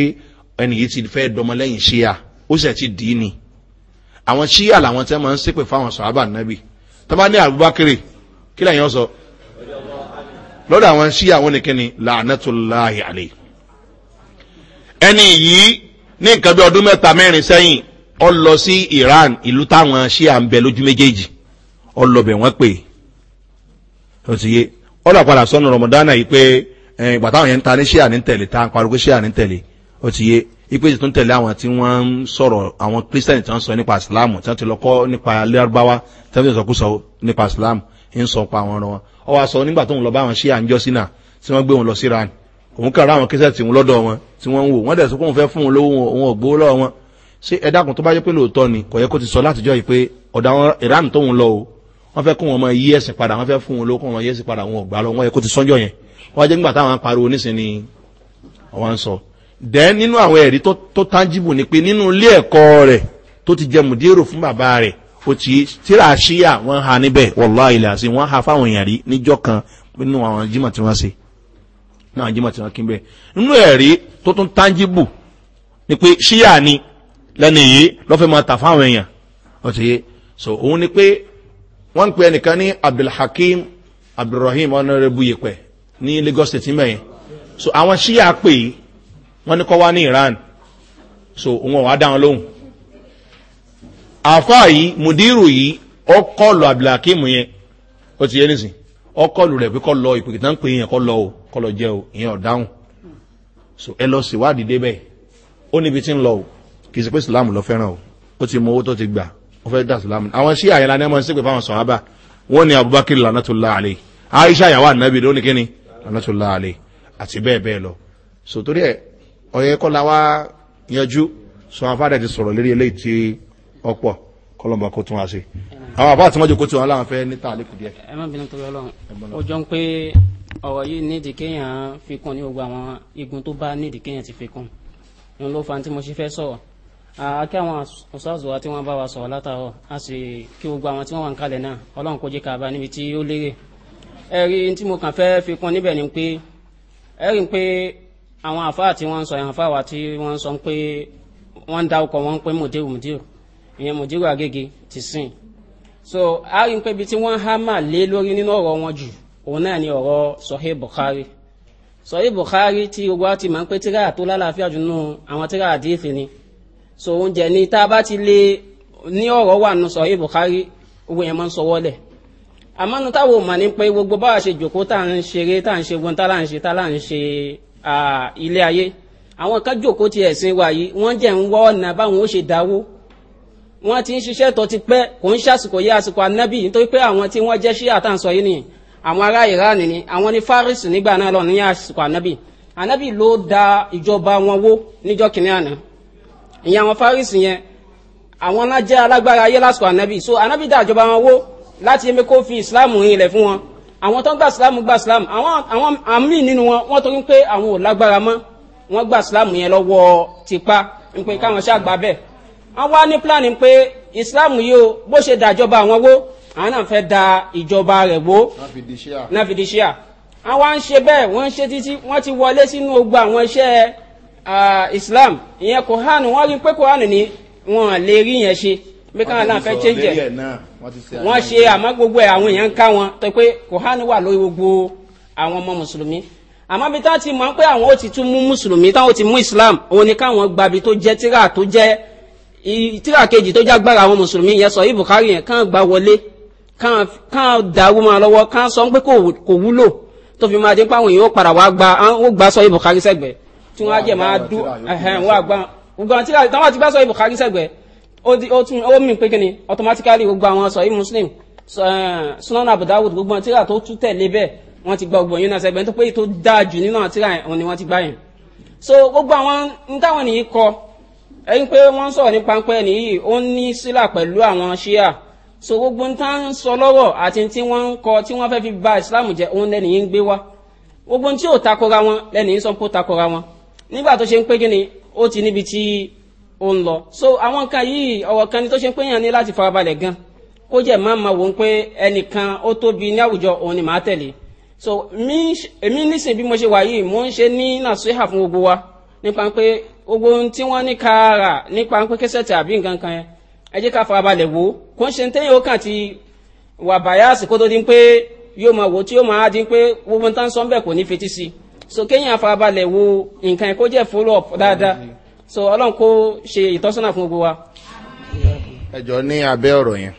ẹni yìí ti fẹ́ dọmọlẹ́yìn ṣíà ó sì ti dì í ni àwọn ṣíà làwọn tí wọ́n máa ń ṣépè fáwọn sọ̀rọ̀ nàbì tọ́ba ní àbúbákéré kí lẹ́yìn ọ sọ lọ́dọ̀ àwọn ṣíà wọn ni kíni làánẹ́tòláyà lè ẹni yìí ní nǹkan bí ọdún mẹ́ta mẹ́rin sẹ́yìn ọ lọ sí iran ìlú táwọn ṣíà ń bẹ lójú méjèèjì ọ lọ bẹ̀ wọ́n pè ó ti yé ọ lọ padà sọnù rọmọdánà yìí pé ìgbà táwọn yẹn ń ta ní ṣíà ní tẹ̀lé tá à ń pariwo pé ṣíà ní tẹ̀lé ó ti yé ipe tuntun tẹ̀lé àwọn tí wọ́n ń sọ̀rọ̀ àwọn kírísítẹ̀nì tí wọ́n sọ nípa ìsìláàmù tí wọ́n ti lọ kọ́ nípa lẹ́rọ̀báwá tí wọ́n ti sọkú sọ nípa ìsìláàmù ń sọ pa àwọn ọ̀rọ̀ wọn. ọ wá sọ nígbà tó ń lọ bá àwọn ṣíà ń jọ sínà tí wọ́n gbé wọn lọ sí ran òun kàrà àwọn kírísítẹ̀nì tí wọ́n lọ́dọ̀ wọn tí wọ́n ń wò wọ́n dẹ̀ sọ pé òun fẹ́ fún wọn lówó òun ògbó lọ́wọ́ wọn ṣé ẹ̀dàkùn tó bá yẹ pé lóòótọ́ ni kò yẹ kó ti sọ látijọ́ yìí pé ọ̀dà àwọn iran tóun lọ o wọ́n fẹ́ kó wọn mọ yí ẹ̀sìn padà wọ́n fẹ́ fún wọn ló kó wọn yí ẹ̀sìn padà wọn ò gbà lọ wọ́n yẹ kó ti sọ́jọ́ yẹn wọ́n jẹ́ nígbà táwọn pariwo nísìn ni wọ́n ń sọ. dẹ́n nínú àwọn ẹ̀rí tó tangible ni pé nínú ilé ẹ̀kọ́ rẹ̀ tó ti jẹ mùdírò fún bàbá rẹ̀ ó ti tíra ṣíyà wọ́n ha níbẹ̀ wọ́lá ilẹ̀ ni pé ṣíyà ni lẹ́nu yìí lọ́fẹ́ máa tà fáwọn èèyàn ó ti yé so òun ni pé wọ́n ń pe ẹnìkan ní abdulhakeem abdulrahim ọ̀nàrẹ́bù yìpẹ̀ ní lagos state mẹ́yìn so àwọn ṣíyà pè é wọ́n ní kọ́ wá ní iran so òun wà dáhùn lóhùn àfáà yìí mùdírù yìí ó kọlù abdulhakeem yẹn ó ti yé nísìn ó kọlù rẹ̀ pé kọ́ lọ ìpèkì tán pé yẹn kọ́ lọ o kọ́ lọ jẹ́ o ìyẹn ọ̀dáhùn so ẹ lọ síwádìí débẹ̀ ó níbi tí ń lọ o kì í ṣe pé islam lọ fẹ́ràn o ó ti mọ owó tó ti gbà ó fẹ́ dá islam àwọn ṣí àyẹ̀lá ni wọ́n ń fáwọn sọ̀hábà wọ́n ní abubakar lanatola ali aisha yàwó anabi ló ní kíni lanatola ali àti bẹ́ẹ̀ bẹ́ẹ̀ lọ so torí ẹ ọ̀yẹ́ kọ́lá wa yanjú sọ àwọn afárẹ̀ ti sọ̀rọ̀ lérí eléyìí tí ọ̀pọ̀ kọlọmọ kó tún wá sí àwọn àbá àtúmọ̀jọ kó tún wá láwọn fẹ́ níta àlékù díẹ̀. ẹ má bínú torí ọlọrun ó jọ ń pé fa tí mo ṣe fẹ́ sọ̀rọ̀ akí àwọn ọ̀sáàzù wa tí wọ́n bá wa sọ̀rọ̀ látàrọ̀ a sì kí gbogbo àwọn tí wọ́n wà ń kalẹ̀ náà ọlọ́run kò jẹ́ ká bá níbi tí ó lérè ẹ̀rí tí mo kàn fẹ́ fi kún níbẹ̀ ni pé ẹ̀rí pé àwọn àfáà tí wọ́n sọ àwọn àfáà wa tí wọ́n sọ pé wọ́n ń da ọkọ̀ wọn pé mòdìrú mòdìrú ìyẹn mòdìrú àgègè ti sìn so a rí pé ibi tí wọ́n há mà lé lórí nínú ọ̀rọ̀ wọn jù òun náà ni ọ̀rọ̀ sọ̀hí Bukhari sọ̀hí Bukhari tí gbogbo so oúnjẹ ni tá a bá ti lè ní ọ̀rọ̀ wà nù sọ ibùkárí owó yẹn máa ń sọwọ́ lẹ̀ àmọ́ nu táwọn mọ̀ ní pé gbogbo báwa ṣe jòkó tá à ń ṣeré tá à ń ṣe gun tá à ń ṣe tá à ń ṣe ilé ayé àwọn kan jòkó ti ẹ̀sìn wa yìí wọ́n jẹ́ ń wọ́ ọ̀nà báwọn ó ṣe dáwó wọ́n ti ń ṣiṣẹ́ tó ti pẹ́ kò ń ṣàsìkò yé àsìkò anábì nítorí pé àwọn tí wọ́n jẹ́ ṣí àtàǹsọ yìí nìyí àwọn ará iran ni àwọn ní faris nígbà náà lọ ní àsìkò anábì anábì ló da ìjọba wọn wó níjọ́ kìnìún àná ìyẹn àwọn farisi yẹn àwọn náà jẹ́ alágbára ayé lásìkò ànábì so ànábì dá àjọba wọn wó láti ẹ̀mí kó fi ìsìláàmù rin ilẹ̀ fún wọn àwọn tó ń gba ìsìláàmù gba ìsìláàmù àwọn àwọn àmì nínú wọn wọ́n torí pé àwọn ò lágbára mọ́ wọ́n gba ìsìláàmù yẹn lọ́wọ́ tipa pé káwọn ṣáà gbà bẹ́ẹ̀ wọ́n wá ní pílánì pé ìsìláàmù yìí ó bó ṣe dàjọba àwọn wó àwọn náà fẹ́ da ìjọba rẹ̀ wó náà fi di ṣíà àwọn ń ṣe bẹ́ẹ̀ wọ́n ń ṣe títí wọ́n ti wọlé sínú gbogbo àwọn iṣẹ́ islam ìyẹn kohanu wọ́n rí pé kohanu ni wọ́n lè rí yẹn ṣe pé káwọn náà fẹ́ change ẹ̀ wọ́n ṣe àmọ́ gbogbo ẹ̀ àwọn èèyàn ń ká wọn tó pé kohanu wà lórí gbogbo àwọn ọmọ mùsùlùmí àmọ́ bí táwọn ti mọ̀ pé àwọn ó ti tún mú mùsùlùmí táwọn ti mú islam òun ni káwọn gbabi tó jẹ́ tíra tó jẹ́ tíra kejì tó jágbára àwọn mùsùlùmí yẹn sọ ibùkárì yẹn kàn gbà wọlé kàn dàrú máa lọ́wọ́ kàn sọ pé kò wúlò tó fi máa dín pé èèyàn ó padà wá gbà sọ ibùkárì sẹ́gbẹ̀ẹ́ tí wọ́n á jẹ́ máa dú ẹ̀hẹ̀n wọ́n àgbà gbogbo tí wọ́n bá ti bá sọ ibùkárí sẹ́gbẹ̀ẹ́ ó tún ó mì pé kíni automatically gbogbo àwọn sọ muslim sunan abu dawud gbogbo àwọn tíra tó tún tẹ̀lé bẹ́ẹ̀ wọ́n ti gba gbogbo yín náà sẹ́gbẹ̀ẹ́ tó pé tó dáa jù nínú àwọn tíra ni wọ́n ti gbá yẹn so gbogbo àwọn ní táwọn nìyí kọ ẹyin pé wọ́n sọ̀rọ̀ ní pampẹ́ nìyí ó ní sílà pẹ̀lú àwọn ṣíà so gbogbo ń tá ń sọ lọ́wọ́ àti tí wọ́n ń kọ tí wọ́n fẹ́ fi ba ìsìláàmù jẹ́ òun lẹ́nìí ń gbé wá gbogbo ń tí ò takora wọn lẹ́nìí ń sọ pé ó takora wọn nígbà tó ṣe ń pé kí ni ó ti níbi tí ó ń lọ so àwọn nǹkan yìí ọ̀rọ̀ kan ni tó ṣe ń pé yàn ní láti farabalẹ̀ gan kó jẹ́ máa ma wò ó pé ẹnìkan ó tóbi ní àwùjọ òun ni màá tẹ̀lé so èmi nísìn bí mo ṣe wà yìí mo ń ṣe ní nàṣíhà fún gbogbo wa nípa pé gbogbo ohun tí wọ́n ní ká rà nípa pé kẹsẹ̀tì àbí nǹkan kan yẹn ẹ jẹ́ ká farabalẹ̀ wò ó kó ń ṣe ní téyìn ó kàn ti wà bàyà àsìkò tó di pé yóò máa wò ó tí yóò máa di pé gbogbo nǹkan sọ́ńbẹ̀ kò ní fetí sí i so kéèyàn afabalẹ̀ wo nǹkan kó jẹ́ follow up dáadáa so ọlọ́run kó ṣe ìtọ́sọ́nà fún gbogbo wa. ẹjọ ní abẹ ọrọ yẹn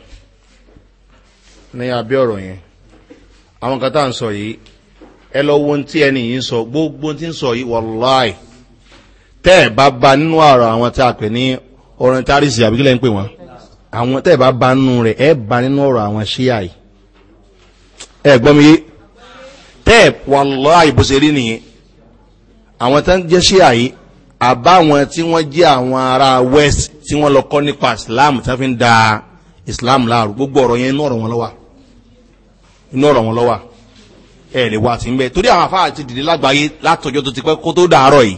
ní abẹ ọrọ yẹn àwọn kan tá à ń sọ yìí ẹ lọ wo ohun ẹni yìí ń sọ gbogbo ohun ń sọ yìí wàláì tẹ ẹ bá ba nínú àrò àwọn tá a pè ní ọrùn tárìsì àbí kílẹ̀ ń pè wọ́n àwọn tẹ ẹ bá ba nínú rẹ̀ ẹ bá nínú ọ̀rọ̀ àwọn ṣíà yìí ẹ gbọ́ mi yìí tẹ́ẹ̀ wàláì bó ṣe rí nìyẹn àwọn tó ń jẹ́ ṣé àyè àbáwọn tí wọ́n jẹ́ àwọn ará west tí wọ́n lọ kọ́ nípa islam tí wọ́n fi ń da islam láàrú gbogbo ọ̀rọ̀ yẹn inú ọ̀rọ̀ wọn lọ́wọ́ inú ọ̀rọ̀ wọn lọ́wọ́ ẹ lè wá sí ń bẹ torí àwọn afáà ti dìde lágbàáyé látọjọ tó ti pẹ́ kó tó dàárọ̀ yìí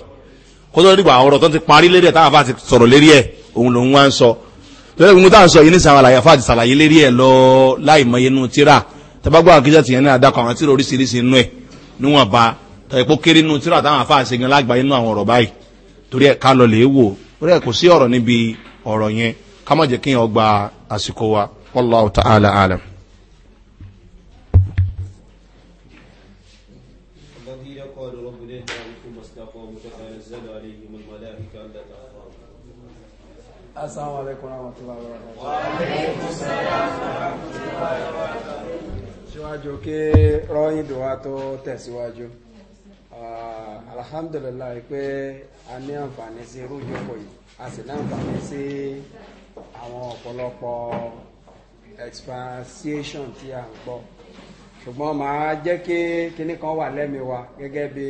kó tó dìgbà ọ̀rọ̀ tó ti parí lérí ẹ̀ táwọn afáà ti sọ̀rọ̀ lérí ẹ̀ òun lòun wá ń sọ torí ẹ̀ gbogbo táwọn sọ yìí ní sàwọn àlàyé afáà ti sàlàyé lérí ẹ̀ lọ láì mọ inú tíra tabagbọ́ àkíjà tìyẹn náà dákọ̀ àwọn tíra oríṣiríṣi inú ẹ̀ níwọ̀n ba tẹ̀pọ̀ kéré inú tíra táwọn afáà ṣe gan lágbàáyé inú àwọn ọ̀rọ̀ báyìí torí ẹ̀ ká lọ lè wò orí ẹ̀ kò sí ọ̀rọ̀ níbi ọ̀rọ̀ yẹn ká má jẹ́ kí yẹn ọgbà àsìkò wa wallahu ta'ala alam. السلام عليكم ورحمة الله ṣáájú kí rọ́yìn dùn tó tẹ̀síwájú alhamdulillah pé a ní àǹfààní sí irú ìjókòó yìí a sì ní àǹfààní sí àwọn ọ̀pọ̀lọpọ̀ expansion tí a ń gbọ́ ṣùgbọ́n màá jẹ́ kí kinní kan wà lẹ́mìí wa gẹ́gẹ́ bí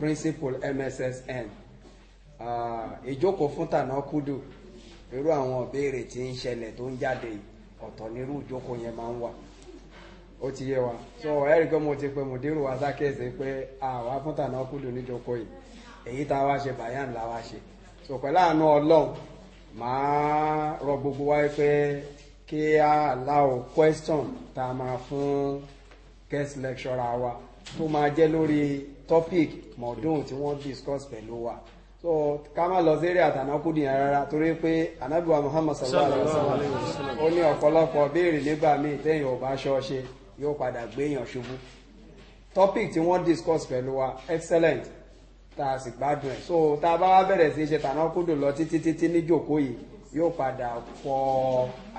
principal MSSN ìjókòó fún tànà kúdù irú àwọn ìbéèrè tí ń ṣẹlẹ̀ tó ń jáde ọ̀tọ̀ nírú ìjókòó yẹn máa ń wà ó ti yé wa so ẹ̀rí pé mo ti pe mùdírù wa sákèsí pé àwa fún tànà kúlù níjókòó yìí èyí tá a wá ṣe bàyàn la wá ṣe so pẹ̀lú àánú ọlọ́run màá rọ gbogbo wa pé kí a allow question tá a máa fún guest lecturer wa tó máa jẹ́ lórí topic mọ̀ọ́dún tí wọ́n discuss pẹ̀lú wa so ká má lọ sí eré àtànákùdì yẹn rárá torí pé anábìwá muhammad sallallahu alayhi wa sallam ó ní ọ̀pọ̀lọpọ̀ béèrè nígbà míì téèyàn ò bá ṣe yóò padà gbé èèyàn ṣubú topic tí wọ́n discuss pẹ̀lú wa excellent tá a sì gbádùn ẹ̀ so tá a bá wá bẹ̀rẹ̀ sí í ṣe tàná kúndùn lọ títí títí ní jòkó yìí yóò padà pọ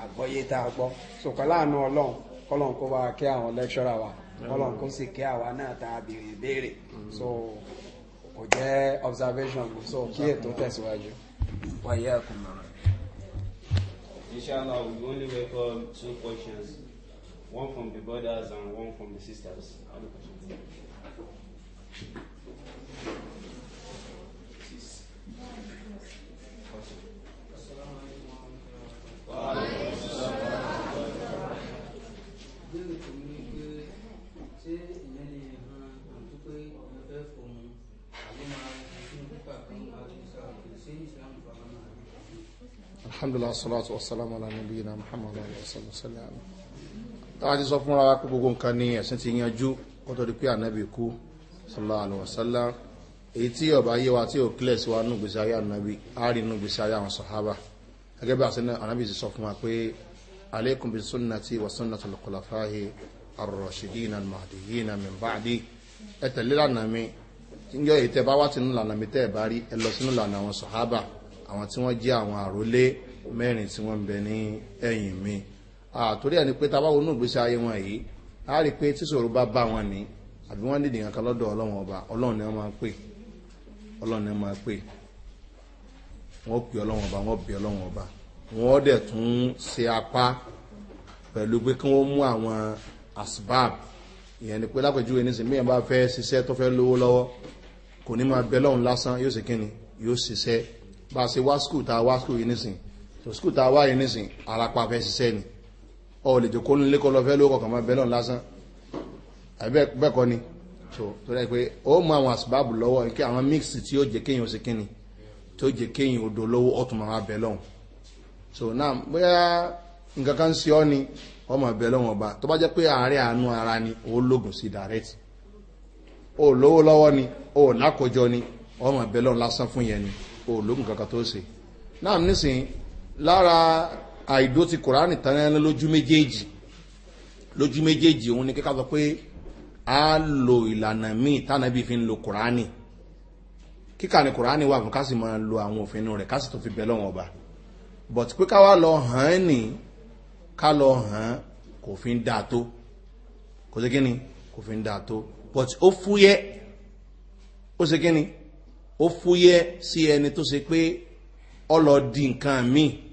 àgbọ́yé tá a gbọ́ so pẹ̀lú àánú ọlọ́run kọ́lọ́n kó bá kí àwọn lecturer wa kọ́lọ́n kó sì kí àwa náà tá a béèrè béèrè so kò jẹ́ observation so kí ètò tẹ̀síwájú. wáyé àkùnmọ̀ràn. Inshallah, we only welcome two questions. one from the brothers and one from the sisters. الحمد لله والصلاة والسلام على نبينا محمد وعلى آله وصحبه وسلم táwa ti sọ fún ra pé gbogbo nǹkan ni ẹ̀sìn ti yanjú kó tó di pé ànábì kú sallallahu alaihi wasallam èyí tí ọba yé wa tí ò kílẹ̀ sí wa nù gbèsè ayé ànábì á rí nù gbèsè ayé àwọn sàhábà gẹ́gẹ́ bí àṣẹ ànábì ti sọ fún wa pé alaykum bi sunnati wa sunnati al-khulafa'i ar-rashidin al-mahdiyyin min ba'di ẹ tẹ̀lé lánàá mi njọ èyí tẹ bá wá tinú lànà mi tẹ bá rí ẹ lọ sínú lànà àwọn sàhábà àwọn tí wọ́n jẹ́ àwọn àrólé mẹ́rin tí wọ́n ń bẹ ní ẹ̀yìn mi àtòrí ẹni pé tábà wọnú ìgbésí ayé wọn yìí á rí i pé tíṣòro bá bá wọn ní àbí wọn dìde nǹkan lọ́dọ̀ ọlọ́run ọba ọlọ́run ni wọ́n máa pè ọlọ́run ni wọ́n máa pè wọ́n pè ọlọ́run ọba wọ́n pè ọlọ́run ọba wọ́n dẹ̀ tún ṣe apá pẹ̀lú pé kí wọ́n mú àwọn asbab ìyẹn ni pé lápẹjúwe ní sèmíyàn bá fẹ́ ṣiṣẹ́ tó fẹ́ lówó lọ́wọ́ kò ní máa bẹ lọ́run lásán yóò ṣe kíni yóò ṣiṣẹ́ bá a ṣe wá skul tá a wá skul yìí nísìn so skul tá a wá yìí nísìn arapa fẹ́ ṣiṣẹ́ ni ọ lè jòkó nílé kó ma fẹ́ lóko kàn máa bẹ́lọ̀ lásán ni so rẹ̀ pé ó mọ àwọn àsìbáàbù lọ́wọ́ kí àwọn mixi tí o jẹ́ kéyìn ó sì kíni tó jẹ́ kéyìn odò lówó ọ̀tún máa bẹ́lọ̀ so náà bóyá nǹkan kan sí ọ ni ọmọ ma wọn bá to bá jẹ́ pé ààrẹ ara ni o lógun sí direct o lówó lọ́wọ́ ni o lákòjọ ni ọmọ bẹ́lọ̀ lásán fún yẹn ni ó lógun kankan tó ṣe náà nísìnyí lara. àìdó ti kùránì tán lójú méjèèjì lójú méjèèjì òun ni kíkà sọ pé a lo ìlànà míì tánàbí fi ń lo kùránì kíkà ni kùránì wà fún kásì máa lo àwọn òfin rẹ̀ kásì tó fi bẹ̀ lọ́wọ́ ọba but pé ká wá lọ hàn án nì ká lọ hàn án kò fi ń dà tó kò sí kíni kò fi ń dà tó but ó fúyẹ́ ó sì kíni ó fúyẹ́ sí ẹni tó ṣe pé ọlọ́ọ̀dì nǹkan míì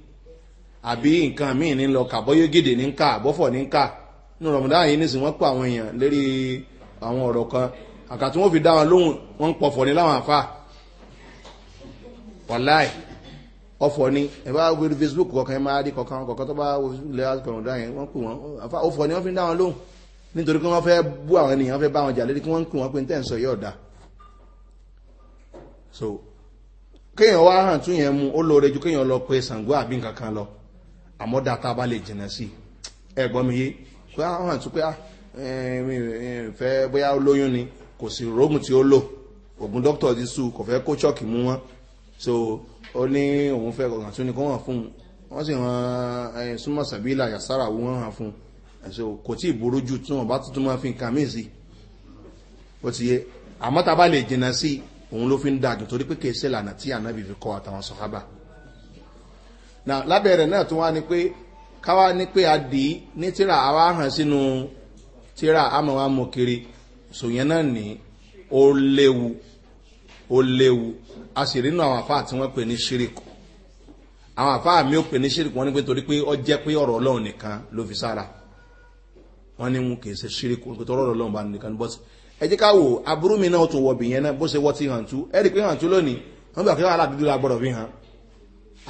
àbí nǹkan míì ní lọ kà bọ́yọ́ gèdè ní ká àbọ́fọ̀ ní ká nínú rọ̀mọ̀dá yìí nísìn wọ́n kan àkàtún wọ́n fi dá wọn lóhùn wọ́n ń pọ̀fọ̀ ní láwọn àfà wàláì ni ẹ bá wọ́n facebook kọ̀ọ̀kan ẹ máa rí kọ̀ọ̀kan kọ̀ọ̀kan tó bá ni fi dá wọn lóhùn nítorí pé bú àwọn ènìyàn bá wọn jà kí so kéèyàn wá hàn tún yẹn mu ó lóore ju kéèyàn lọ pé sàngó àbí àmọ́ dáta bá lè jìnà sí ẹgbọ́n mi yé pé àwọn àti pé ah, fẹ́ bóyá olóyún ni kò sí rógùn tí ó lò ògùn dókítà ti sùn kò fẹ́ kó chọ́ọ̀kì mú wọn so ó ní òun fẹ́ kọ̀ọ̀kan tó ní kó wọ́n fún un wọ́n sì ran súnmọ́ sàbílà yàsára wọ́n hàn fún un so kò tí ì burú jù tí wọ́n bá tuntun máa fi nǹkan sí ó ti yé àmọ́ tá a bá lè jìnà sí òun ló fi ń dàgùn torí pé kèé sí ìlànà tí ànábì fi kọ́ àtàwọn sọ̀hábà náà lábẹ́rẹ̀ náà tún wá ní pé káwá ní pé a dì í ní tíra àwa hàn sínú tíra àmọ́ wa mú kiri sòyẹn náà ní ó léwu ó léwu a sì rí nínú àwọn àfáà tí wọ́n pè ní ṣíríkù àwọn àfáà mi ò pè ní ṣíríkù wọ́n ní pé torí pé ọ jẹ́ pé ọ̀rọ̀ ọlọ́run nìkan ló fi sára wọ́n ní wọn kì í ṣe ṣíríkù pé tọ́rọ̀ ọlọ́run bá nìkan bọ́ sí ẹ jẹ́ ká wò aburú mi náà tó wọ̀bì yẹn náà bó ṣe wọ́ ti hàn tú ẹ rí pé hàn tú lónìí wọ́n gbà pé wàhálà dúdú la gbọ́dọ̀ fi hàn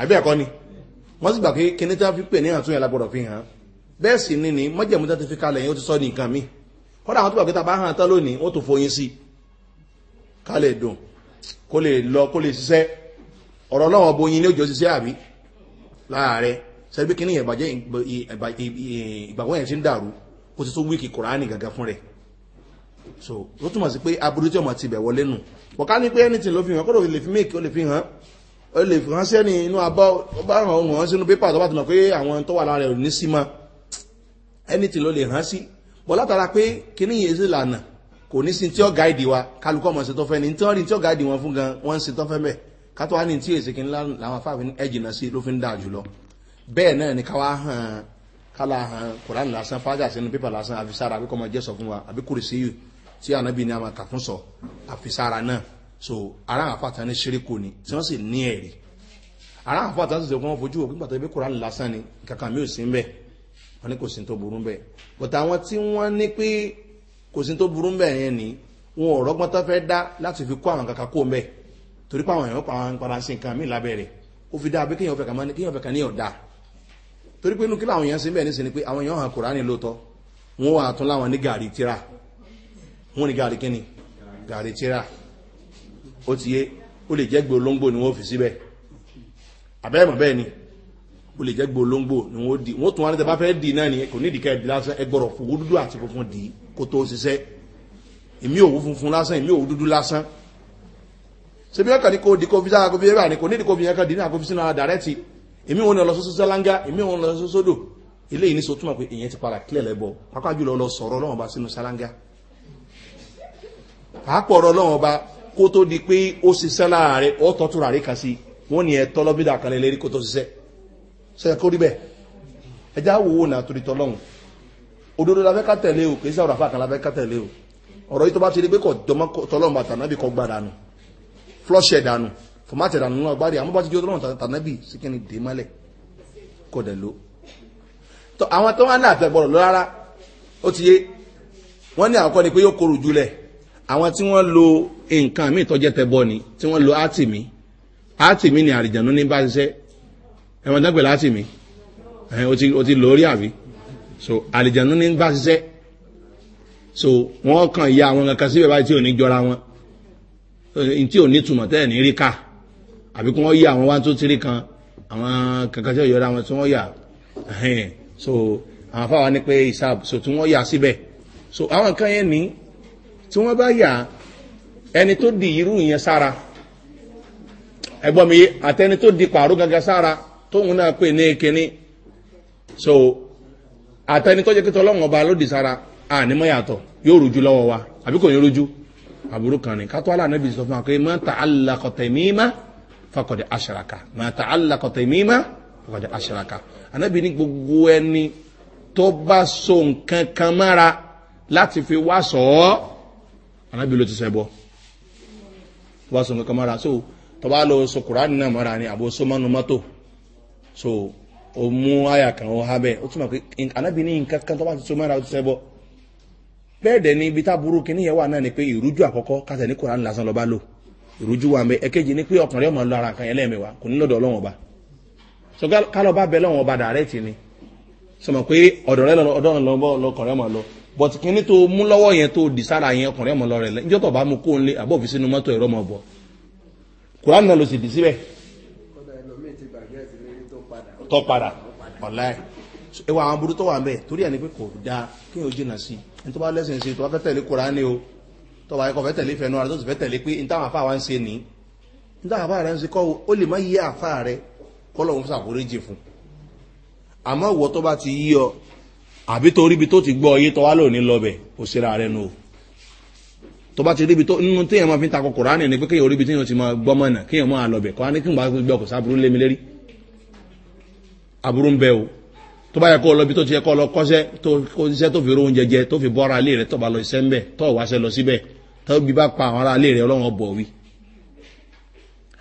àbí ẹ̀kọ́ ni wọ́n sì gbà pé kíní tí wọ́n fi pè ní àtúnyẹ̀ lágbọ́dọ̀ fi hàn bẹ́ẹ̀ sì ni ní mọ́jẹ̀mú tó ti fi kalẹ̀ yẹn ó ti sọ ní nǹkan mi kọ́dà àwọn tó gbàgbé tàbá hàn tán lónìí ó tó foyín sí kálẹ̀ dùn kó lè lọ kó lè ṣiṣẹ́ ọ̀rọ̀ ọlọ́wọ́ boyin ní òjò ṣiṣẹ́ àbí láàárẹ̀ sẹ́bí kíní ìbàjẹ́ ìgbàgbọ́ yẹn ti ń dàrú ó ti tó wíìkì kùránì gàgà fún rẹ̀ so ó túmọ̀ sí pé aburú tí ọmọ ti bẹ̀ wọlé nù wọ́n ká ní pé anything ló fi hàn kó lè fi mí ó lè fi ránṣẹ́ ní inú abọ́ ó bá ràn ohun ránṣẹ́ inú pépà tó bá tọ̀nà pé àwọn tó wà lára rẹ̀ ní símọ́ anything ló lè ránṣẹ́ bọ́ látara pé kíní yìí sí lànà kò ní sí tí ó gáìdì wa kálukọ́ mọ̀ sí tó fẹ́ ni tí wọ́n rí tí ó gáìdì wọn fún gan wọ́n ń sí tó fẹ́ bẹ́ẹ̀ kátó wá ní tí èsì kí ńlá làwọn afáàfin ẹ̀jìnà sí ló fi ń dáa jùlọ bẹ́ẹ̀ náà ni káwá hàn kálá hàn kòránì lásán fájà sínú pépà lásán àfisára àbíkọ́ jẹ́ sọ fún wa àbíkúrì sí yìí tí ànábì ni a máa kà fún sọ àfisára náà so ara àfàtà ní ṣeréko ni tí wọ́n sì ní ẹ̀rí ara àfàtà sì sọ pé wọ́n fojú òpin pàtó ibi koran lásán ni kàkà mi ò sí ń bẹ̀ wọ́n ní kò sí tó burú bẹ̀ but àwọn tí wọ́n ní pé kò sí tó burú bẹ̀ yẹn ni wọn ò rọ́gbọ́n tó fẹ́ dá láti fi kó àwọn kàkà kó ń bẹ̀ torí pé àwọn èèyàn pa àwọn padà nǹkan míì lábẹ́ ó fi dá abé kéèyàn fẹ́ kàn ní ọ̀dà torí pé inú kí làwọn èèyàn sí bẹ́ẹ̀ nísìnyí pé àwọn èèyàn hàn kòránì lóòótọ́ wọn wà tún láwọn ní gàrí tíra wọn ní gàrí kíni gàrí tíra ó ti yé ó lè jẹ́ gbé ni wọ́n fi síbẹ̀ àbẹ́ẹ̀mọ̀ bẹ́ẹ̀ ni ó lè jẹ́ gbé ni wọ́n di wọ́n tún wá ní tẹ́bá fẹ́ di náà ni kò ní ìdíkẹ́ ìdí lásán ẹgbọ́rọ̀ fún dúdú àti funfun di kó tó ṣiṣẹ́ èmi òwú funfun lásán èmi òwú dúdú lásán ṣe bí ọkàn ní kò di kó fi sára kó fi rà ní kò ní ìdíkó fi yẹn kan di ní àkófi sínú ara dàrẹ́tì èmi òun lọ sọ́sọ́ sálángá èmi òun lọ sọ́sọ́ sódò eléyìí ní so túmọ̀ pé èèyàn ti padà kílẹ̀ lẹ́bọ̀ pápá jùlọ lọ sọ̀rọ̀ ọlọ́wọ́n ba sínú sálángá pàápọ̀ ọlọ́wọ́n ba kó tó di pé ó ṣiṣẹ́ láàárẹ̀ ó tọ́tù rà rí kan sí wọ́n ní ẹ̀tọ́ lọ́bídà kan lè lérí kó tó ṣiṣẹ́ ṣe kó rí bẹ́ẹ̀ ẹjá wòwò náà torí tọ́lọ́hùn òdodo la fẹ́ ká tẹ̀lé o kì í sọ̀rọ̀ àfàkàn la fẹ́ ká tẹ̀lé o ọ̀rọ̀ yìí tó bá ti rí pé kò jọmọ́ tọ́lọ́hùn bàtà náà bí kò gbà dànù flọ́ṣẹ̀ dànù fọmátì dànù náà gbárí àmọ́ bá ti jẹ́ tọ́lọ́hùn tàná bí síkẹ́ni àwọn tó ti yé wọ́n àwọn tí wọ́n lo nǹkan mi tọ́jẹ́ tẹ bọ́ ni tí wọ́n lo ati mi ati mi ni àrìjànú ní bá ṣiṣẹ́ ẹ̀wọ̀n dẹ́gbẹ̀ láti mi o ti lò ó rí àbí so àrìjànú ní bá ṣiṣẹ́ so wọ́n kàn ya àwọn kankan síbẹ̀ báyìí tí ò ní jọra wọn tí ò ní túmọ̀ tẹ́ẹ̀ ní rí ká àbí kí wọ́n yí àwọn one two kan àwọn kankan tí ò yọra wọn tí wọ́n yà so àwọn afáwa ni pé ìsáàbù so tí wọ́n yà síbẹ̀ so àwọn kan yẹn ní tí wọ́n bá yà ẹni tó di irú yẹn sára ẹgbọ́n mi àtẹni tó di pàró gangan sára tóun náà pè ní kíní so àtẹni tó jẹ́ kí tọ́lọ́wọ́n ọba ló di sára ànímọ́ yàtọ̀ yóò rújú lọ́wọ́ wa àbí kò ní rújú àbúrú kan ní kátó aláàbí sọ fún wa pé má ta alákọ̀tẹ̀ mímá fakọ̀dẹ̀ aṣaraka má ta alákọ̀tẹ̀ mímá fakọ̀dẹ̀ aṣaraka anábì ní gbogbo ẹni tó bá so nǹkan mára láti fi wá sọ ọ́ anábì ló ti sọ ẹbọ tó bá sọ so tó lọ sọ kùránì náà mọ́ra ni àbò sọ mọ́nu mọ́tò so o mú àyà kan o ha bẹ́ẹ̀ ó túmọ̀ pé anábì ní nǹkan kan tó bá ti sọ mọ́ra ó ti sọ ẹbọ bẹ́ẹ̀ dẹ̀ ni ibi tá burú kí níyẹn wà náà ni pé ìrújú àkọ́kọ́ kásẹ̀ ní kùránì lásán lọ bá lò ìrújú wa mẹ ẹkẹjì ní pé ọkùnrin ọmọ lọ ara nǹkan yẹn lẹ́ẹ̀mẹwàá kò ní lọ́dọ̀ ọlọ́wọ́n ọba so kálọ̀ bá bẹ lọ́wọ́n ọba dàrẹ́tì ni sọmọ pé ọ̀dọ̀ rẹ lọ́dọ̀ ọlọ́kùnrin ọmọ but kíní tó mú lọ́wọ́ yẹn tó dì sára yẹn ọkùnrin ọmọ lọ rẹ̀ lẹ́ níjọ́ tó bá mú kó ń lé àbọ̀ òfin sínú mọ́tò ẹ̀rọ ọmọ bọ̀ kúrán náà ló sì dì síbẹ̀. tọ́ padà ọ̀la ẹ̀ ẹwà àwọn burú tó wà mẹ́ torí ẹ̀ ni pé kò dáa kí o jìnnà sí ní tó bá lẹ́sìn sí tó bá fẹ́ tẹ̀lé kúrán ni o tó bá kọ́ fẹ́ tẹ̀lé fẹ́nu ara tó sì fẹ́ tẹ̀lé pé ní táwọn afá wa ń se ní ní táwọn afá rẹ̀ ń se kọ́ o lè má yí àfá rẹ̀ kọ́ lọ́wọ́ fún sàkóríjì fún àmọ́ ìwọ tó bá ti yí ọ àbí torí ibi tó ti gbọ́ ọyé tọ́wá lónìí lọ́bẹ̀ ó síra rẹ̀ nù o tó bá ti ríbi tó nínú tí èèyàn máa fi ń takọ kòránì ni pé kéèyàn oríbi tí èèyàn ti máa gbọ́ mọ̀nà kéèyàn máa lọ̀bẹ̀ kọ́ ní kí n bá gbé ọkọ̀ sábúrú lémi lérí aburú ń bẹ o tó bá yẹ kó lọbi tó ti yẹ kó lọ kọ́sẹ́ tó iṣẹ́ tó fi ro oúnjẹ jẹ tó fi bọ́ ara ilé rẹ tó bá lọ iṣẹ́ ńbẹ tó wáṣẹ lọ síbẹ̀ tó bí bá pa àwọn ará ilé rẹ ọlọ́run bọ̀ wí.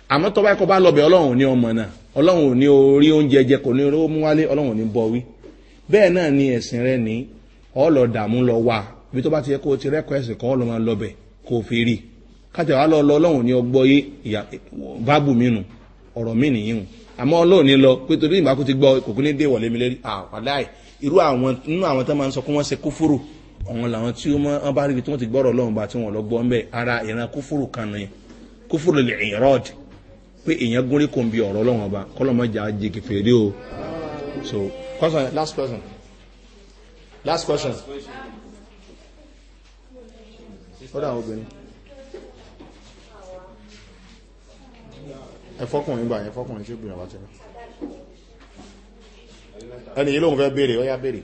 àmọ́ tó bẹ́ẹ̀ náà ni ẹ̀sìn rẹ ní ọlọ dààmú lọ wà ibi tó bá ti yẹ kó o ti rẹ́kọ̀ọ́ ẹ̀sìn kan ọlọ máa lọ bẹ̀ kó o fi rí i kájà wà lọ lọ ọlọ́run ní ọgbọ́ yé ìyá báàbù mi nù ọ̀rọ̀ mi nìyí hùn àmọ́ ọlọ́run ní lọ pé torí ìgbà kó ti gbọ́ kòkó ní dé wọlé mi lérí àwàláì irú àwọn nínú àwọn tó máa ń sọ pé wọ́n ṣe kófóró àwọn làwọn tí wọ́n bá rí tí wọ́n ti gbọ́rọ̀ ọlọ́run bá tí wọ́n lọ gbọ́ ńbẹ ara ìran kófóró kan ni kófóró lè ìrọ́ọ̀dì pé èèyàn gúnrí kò ń bi ọ̀rọ̀ ọlọ́run ọba kọ́lọ́mọ́jà jẹ́ kẹfẹ́ rí o so Question, last question. Last question. Ó dà àwọn obìnrin. Ẹ̀fọ́kùnrin gbà ẹ̀fọ́kùnrin tí ó bìnrin àwàtẹ́. Ẹni yìí lóhun fẹ́ béèrè, ó yá béèrè.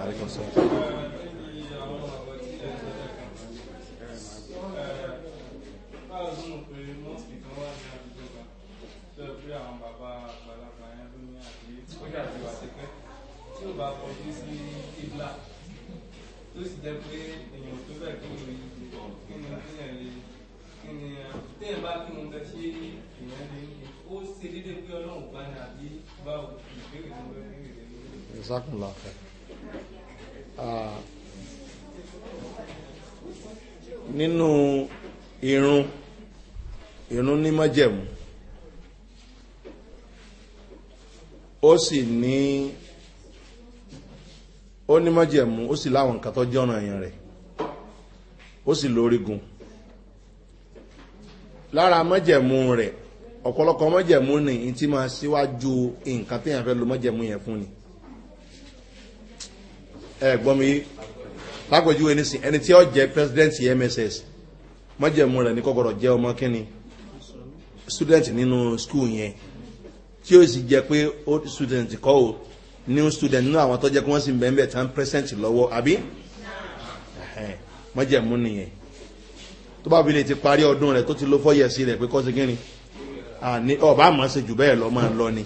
Àríkọ̀sọ́. jẹ́ pé èèyàn tó bẹ̀ kí ni kí ni kíyàn lè kí ni téèyàn bá kí wọn bẹ ṣé èèyàn lè ó ṣe dédé pé ọlọ́run bá ní àbí báwo ìbéèrè tó bẹ bí rèé. irun irun ní májẹ̀mú ó sì ní. ó ní májẹ̀mú ó sì láwọn nǹkan tó jẹ́ ọ̀nà èèyàn rẹ̀ ó sì lórígun lára májẹ̀mú rẹ̀ ọ̀pọ̀lọpọ̀ májẹ̀mú ni n ti máa síwájú nǹkan téèyàn fẹ́ lo májẹ̀mú yẹn fún ni ẹ gbọ́ mi lápèjúwe nísìn ẹni tí ó jẹ́ pẹ́sidẹ́ǹtì mss májẹ̀mú rẹ̀ ní kọ́kọ́rọ̀ jẹ́ ọmọ kínni student nínú skul yẹn tí ó sì jẹ́ pé old student kọ́ o new student nínú àwọn tó jẹ́ kí wọ́n sì ń bẹ̀ ń bẹ̀ tán present lọ́wọ́ àbí mọ́jẹ̀mú nìyẹn tó bá bílẹ̀ ti parí ọdún rẹ̀ tó ti ló fọ́yẹ̀ sí rẹ̀ pé kọ́ sí kí ni ọba àmọ́ ṣe jù bẹ́ẹ̀ lọ máa lọ ni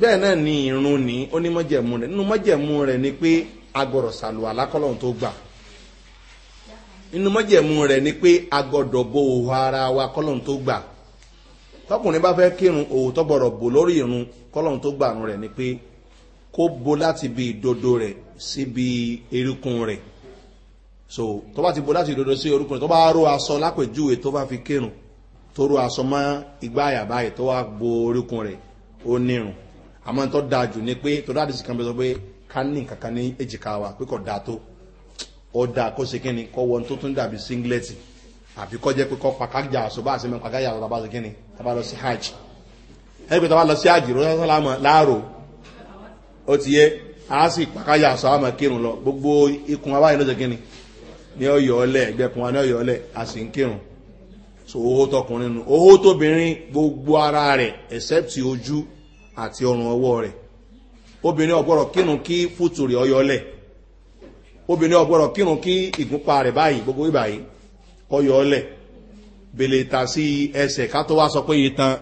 bẹ́ẹ̀ náà ni irun ni ó ní mọ́jẹ̀mú rẹ̀ nínú mọ́jẹ̀mú rẹ̀ ni pé agọ̀rọ̀ sàlù alákọ̀lọ́hún tó gbà nínú mọ́jẹ̀mú rẹ̀ ni pé agọ̀dọ̀ bo òhò ara wa kọ́lọ́hún tó gbà tọkùnrin bá fẹ́ kírun òótọ́ gbọ́dọ̀ bò lórí irun kọ́lọ́run tó gbà rẹ̀ ni pé kó bo láti bi ìdodo rẹ̀ síbi erékùn rẹ̀ so tó bá ti bo láti ìdodo sí orúkùn rẹ̀ tó bá ró aṣọ lápèjúwe tó bá fi kírun tó ró aṣọ mọ́ igbá àyàbá yìí tó wá bo orúkùn rẹ̀ ó nírun àmọ́ tó dáa jù ni pé tó dáa sí kan bẹ́ẹ̀ sọ pé ká ní kankan ní èjìká wa pé kò dáa tó ó dáa kó ṣe kí ni kọ́ wọ́n tó tún dàbí singlẹ́tì àbí kọ́ jẹ́ pé kọ́ pàkájà àṣọ́bá àṣẹ mẹ́rin pàkájà àṣọ́bá bá ṣe kí ni tàbá lọ sí hajj ẹgbẹ́ tàbá lọ sí hajj rọ́sọ́lámọ̀ láàrò ó ti yé a sì pàkájà àṣọ́bá kírun lọ gbogbo ikùn abáyé ló ṣe kí ni ní ọyọ ọlẹ ẹgbẹ kun wa ní ọyọ ọlẹ a sì ń kírun so owó tọkùnrin nu owó tóbìnrin gbogbo ara rẹ except ojú àti ọrùn ọwọ rẹ obìnrin ọgbọrọ kírun kí fútù rẹ ọyọ ọlẹ obìnrin ọgbọrọ kírun kí ìgúnpá rẹ báyìí gbogbo ìbàyìí kọyọ ọlẹ̀ bèlè tà sí ẹsẹ̀ ká tó wá sọ pé ìtàn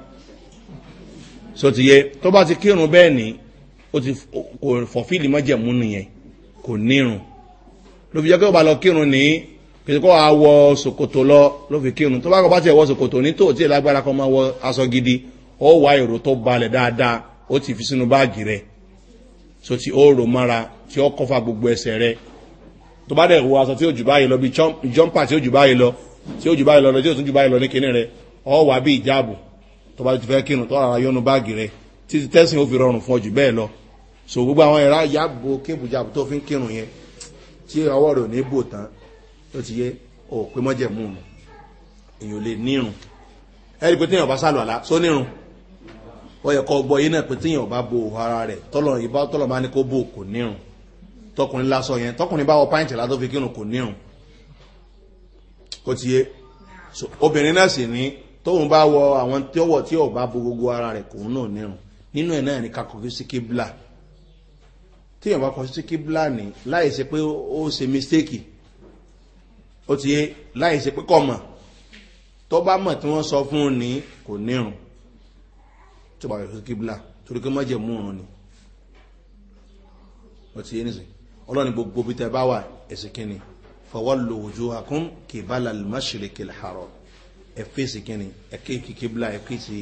sotiye tó bá ti kírun bẹ́ẹ̀ ni ó ti kò fọ̀fíìlì mọ́jẹ̀mú nìyẹn kò nírun ló fi jẹ́ pé ó bá lọ kírun ní kìtìkọ́ wa sòkòtò lọ ló fi kírun tó bá kọ́ bá tiẹ̀ wọ sòkòtò ní tòótì lágbára kan máa wọ aṣọ gidi ó wá èrò tó balẹ̀ dáadáa ó ti fi sínú báàgì rẹ̀ sotí ó rò mọ́ra tí ó kọ́fà gbogbo ẹsẹ̀ rẹ̀ tó bá dẹ̀ wo aṣọ tí ó jù báyìí lọ bí jọ́mpà tí ó jù báyìí lọ tí ó jù báyìí lọ tí ó tún jù báyìí lọ ní kíní rẹ ọ wà bí ìjáàbù tó bá ti fẹ́ kírun tó ara yọnu báàgì rẹ títí tẹ́sìn ó fi rọrùn fún ọ jù bẹ́ẹ̀ lọ so gbogbo àwọn ẹ̀rá yàbò kébù jàbù tó fi ń kírun yẹn tí ọwọ́ rẹ̀ ò ní bò tán tó ti yẹ ò pé mọ́jẹ̀ mú un èèyàn lè nírun ẹ̀rí pé téèyàn bá sálọ àlá só nírun wọ́n yẹ kọ́ gbọ́ yín náà pé téèyàn bá bo ara rẹ̀ tọ́lọ̀ ìbá tọ́lọ̀ máa ní kó bò kò nírun tọkùnrin lásọ yẹn tọkùnrin bá wọ pàǹtì látó fi kírun kò nírun kò tiye obìnrin náà sì ní tóun bá wọ àwọn tí ó wọ tí ò bá bo gbogbo ara rẹ kòun náà nírun nínú ẹ̀ náà ni kakọ̀ fi sí kíbla tíyẹn bá kọ sí kíbla ní láì ṣe pé ó ṣe mistake ó ti yé láì ṣe pé kọ̀ mọ̀ tó bá mọ̀ tí wọ́n sọ fún un ní kò nírun tó bá yọ sí kíbla torí pé mọ́jẹ̀ mú un ni ó ti yé nísìnyí ọlọ́ni gbogbo bí tẹ bá wà ẹ̀sìn kínní fọwọ́lò ojú akún kìbálà mọ́ṣẹ̀lẹ̀kẹ̀ àrọ̀ ẹ̀fẹ́sì kínní ẹ̀kẹ́ kíkébìlà ẹ̀kẹ́ sí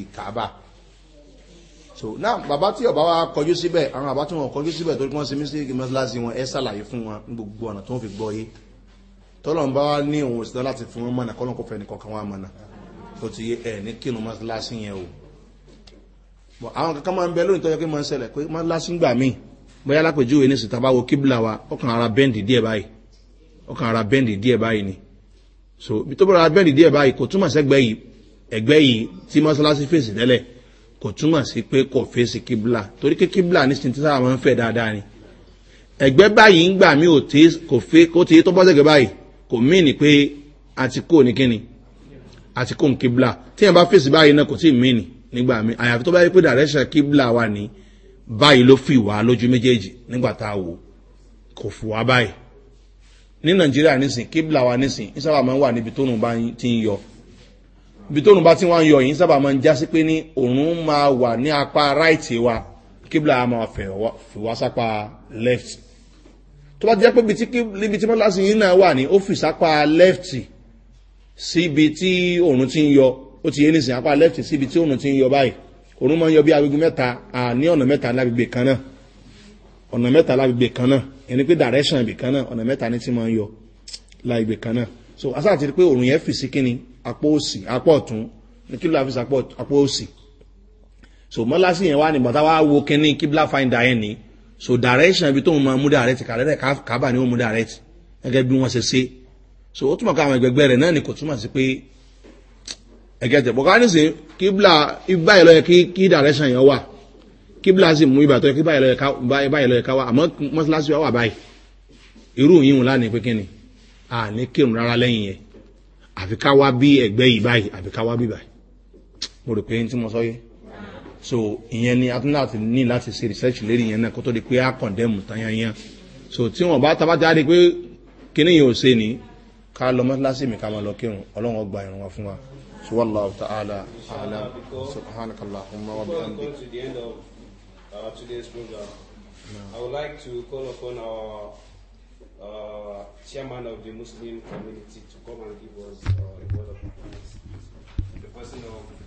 so náà bàbá tí ọba wa kọjú síbẹ̀ àwọn bàbá tí wọn kọjú síbẹ̀ torí wọn ṣe mísíkì mọ́ṣáláṣí wọn ẹ ṣàlàyé fún wọn ní gbogbo ọ̀nà tó ń fi gbọ́ yé tọ́lọ́n bá ní òun òṣìṣẹ́ láti fún wọn mọ̀nà kọ́lọ́n kò fẹ́ nìkan kan wá mọ̀nà bóyá lápèjúwe ní sùn tàbá wo kíbla wa ọkàn ara bẹ́ǹdì díẹ̀ báyìí ọkàn ara bẹ́ǹdì díẹ̀ báyìí ni so bí tó bọ́ra bẹ́ǹdì díẹ̀ báyìí kò túmọ̀ sẹ́gbẹ́ yìí ẹgbẹ́ yìí tí mọ́sálásí fèsì tẹ́lẹ̀ kò túmọ̀ sí pé kò fèsì kíbla torí pé kíbla ní sin tí sábà máa ń fẹ́ dáadáa ni ẹgbẹ́ báyìí ń gbà mí ò tí kò fẹ́ kó ti tó bọ́ báyìí kò mí ni pé àti kò ní kíni àti kò ń kíbla ni nígbà mí àyàfi tó bá yẹ pé dàrẹ́sà kíbla ní báyìí ló fi wá lójú méjèèjì nígbà tá a wò kò fi wá báyìí ní nàìjíríà nísìn kíbla wa nísìn ní sábà máa ń wà níbi tóun bá ti ń yọ ibi tóun bá ti wá ń yọ yìí sábà máa ń já pé ní òun máa wà ní apá ráìtì wa kíbla a máa fẹ̀ wá sápá left tó bá jẹ́ pé ibi tí mọ́láṣí yìí náà wà ní ó fi sápá left síbi tí òun ti ń yọ ó ti yé nísìn apá left síbi tí òun ti ń yọ báyìí òrùn máa ń yọ bí agogo mẹ́ta ní ọ̀nà mẹ́ta lágbègbè kan náà ọ̀nà mẹ́ta lágbègbè kan náà ẹni pé direction ibì kan náà ọ̀nà mẹ́ta ní ti máa ń yọ lágbègbè kan náà so asa àti pé òrùn yẹn fì sí kíni apó òsì apó ọ̀tún ní kílò àfisà apó òsì so mọ́lásì yẹn wá ní bàtà wá wo kíní kíbla finder yẹn ni so direction ibi tó ń máa mú direct kàrẹ́rẹ́ kábà ni ó mú direct gẹ́gẹ́ bí wọ́n ṣe ṣe so ó túmọ̀ ká àwọn ẹgbẹgbẹ́ rẹ̀ náà ni kò túmọ̀ sí pé ẹ̀gẹ́tẹ̀ bọ̀ káwá nísìn kíbla ibà ìlọ́yẹ kí kí direction yẹn wà kíbla sì mú ibà tó yẹ kí ibà ìlọ́yẹ ká wà àmọ́ mọ́sálásí wà báyìí irú yìí wọn lánàá pé kíni àní kírun rárá lẹ́yìn yẹn àfi ká wá bí ẹ̀gbẹ́ yìí báyìí àfi ká wá bí báyìí mo rò pé tí mo sọ yé so ìyẹn ni atúndà ti ní láti ṣe research lérí yẹn náà kó tó di pé á kọ̀ndẹ́mù tanyanyan so tí wọn bá tabá jáde pé kíní yìí ò ṣe ni ká lọ mọ́tíláṣí mi ká máa lọ kírun ọlọ́run ọgbà ìrún fún wa. So Allah ta'ala wa to the end of uh, today's program. No. I would like to call upon our uh, chairman of the Muslim community to come and give us uh, a word of advice. The person of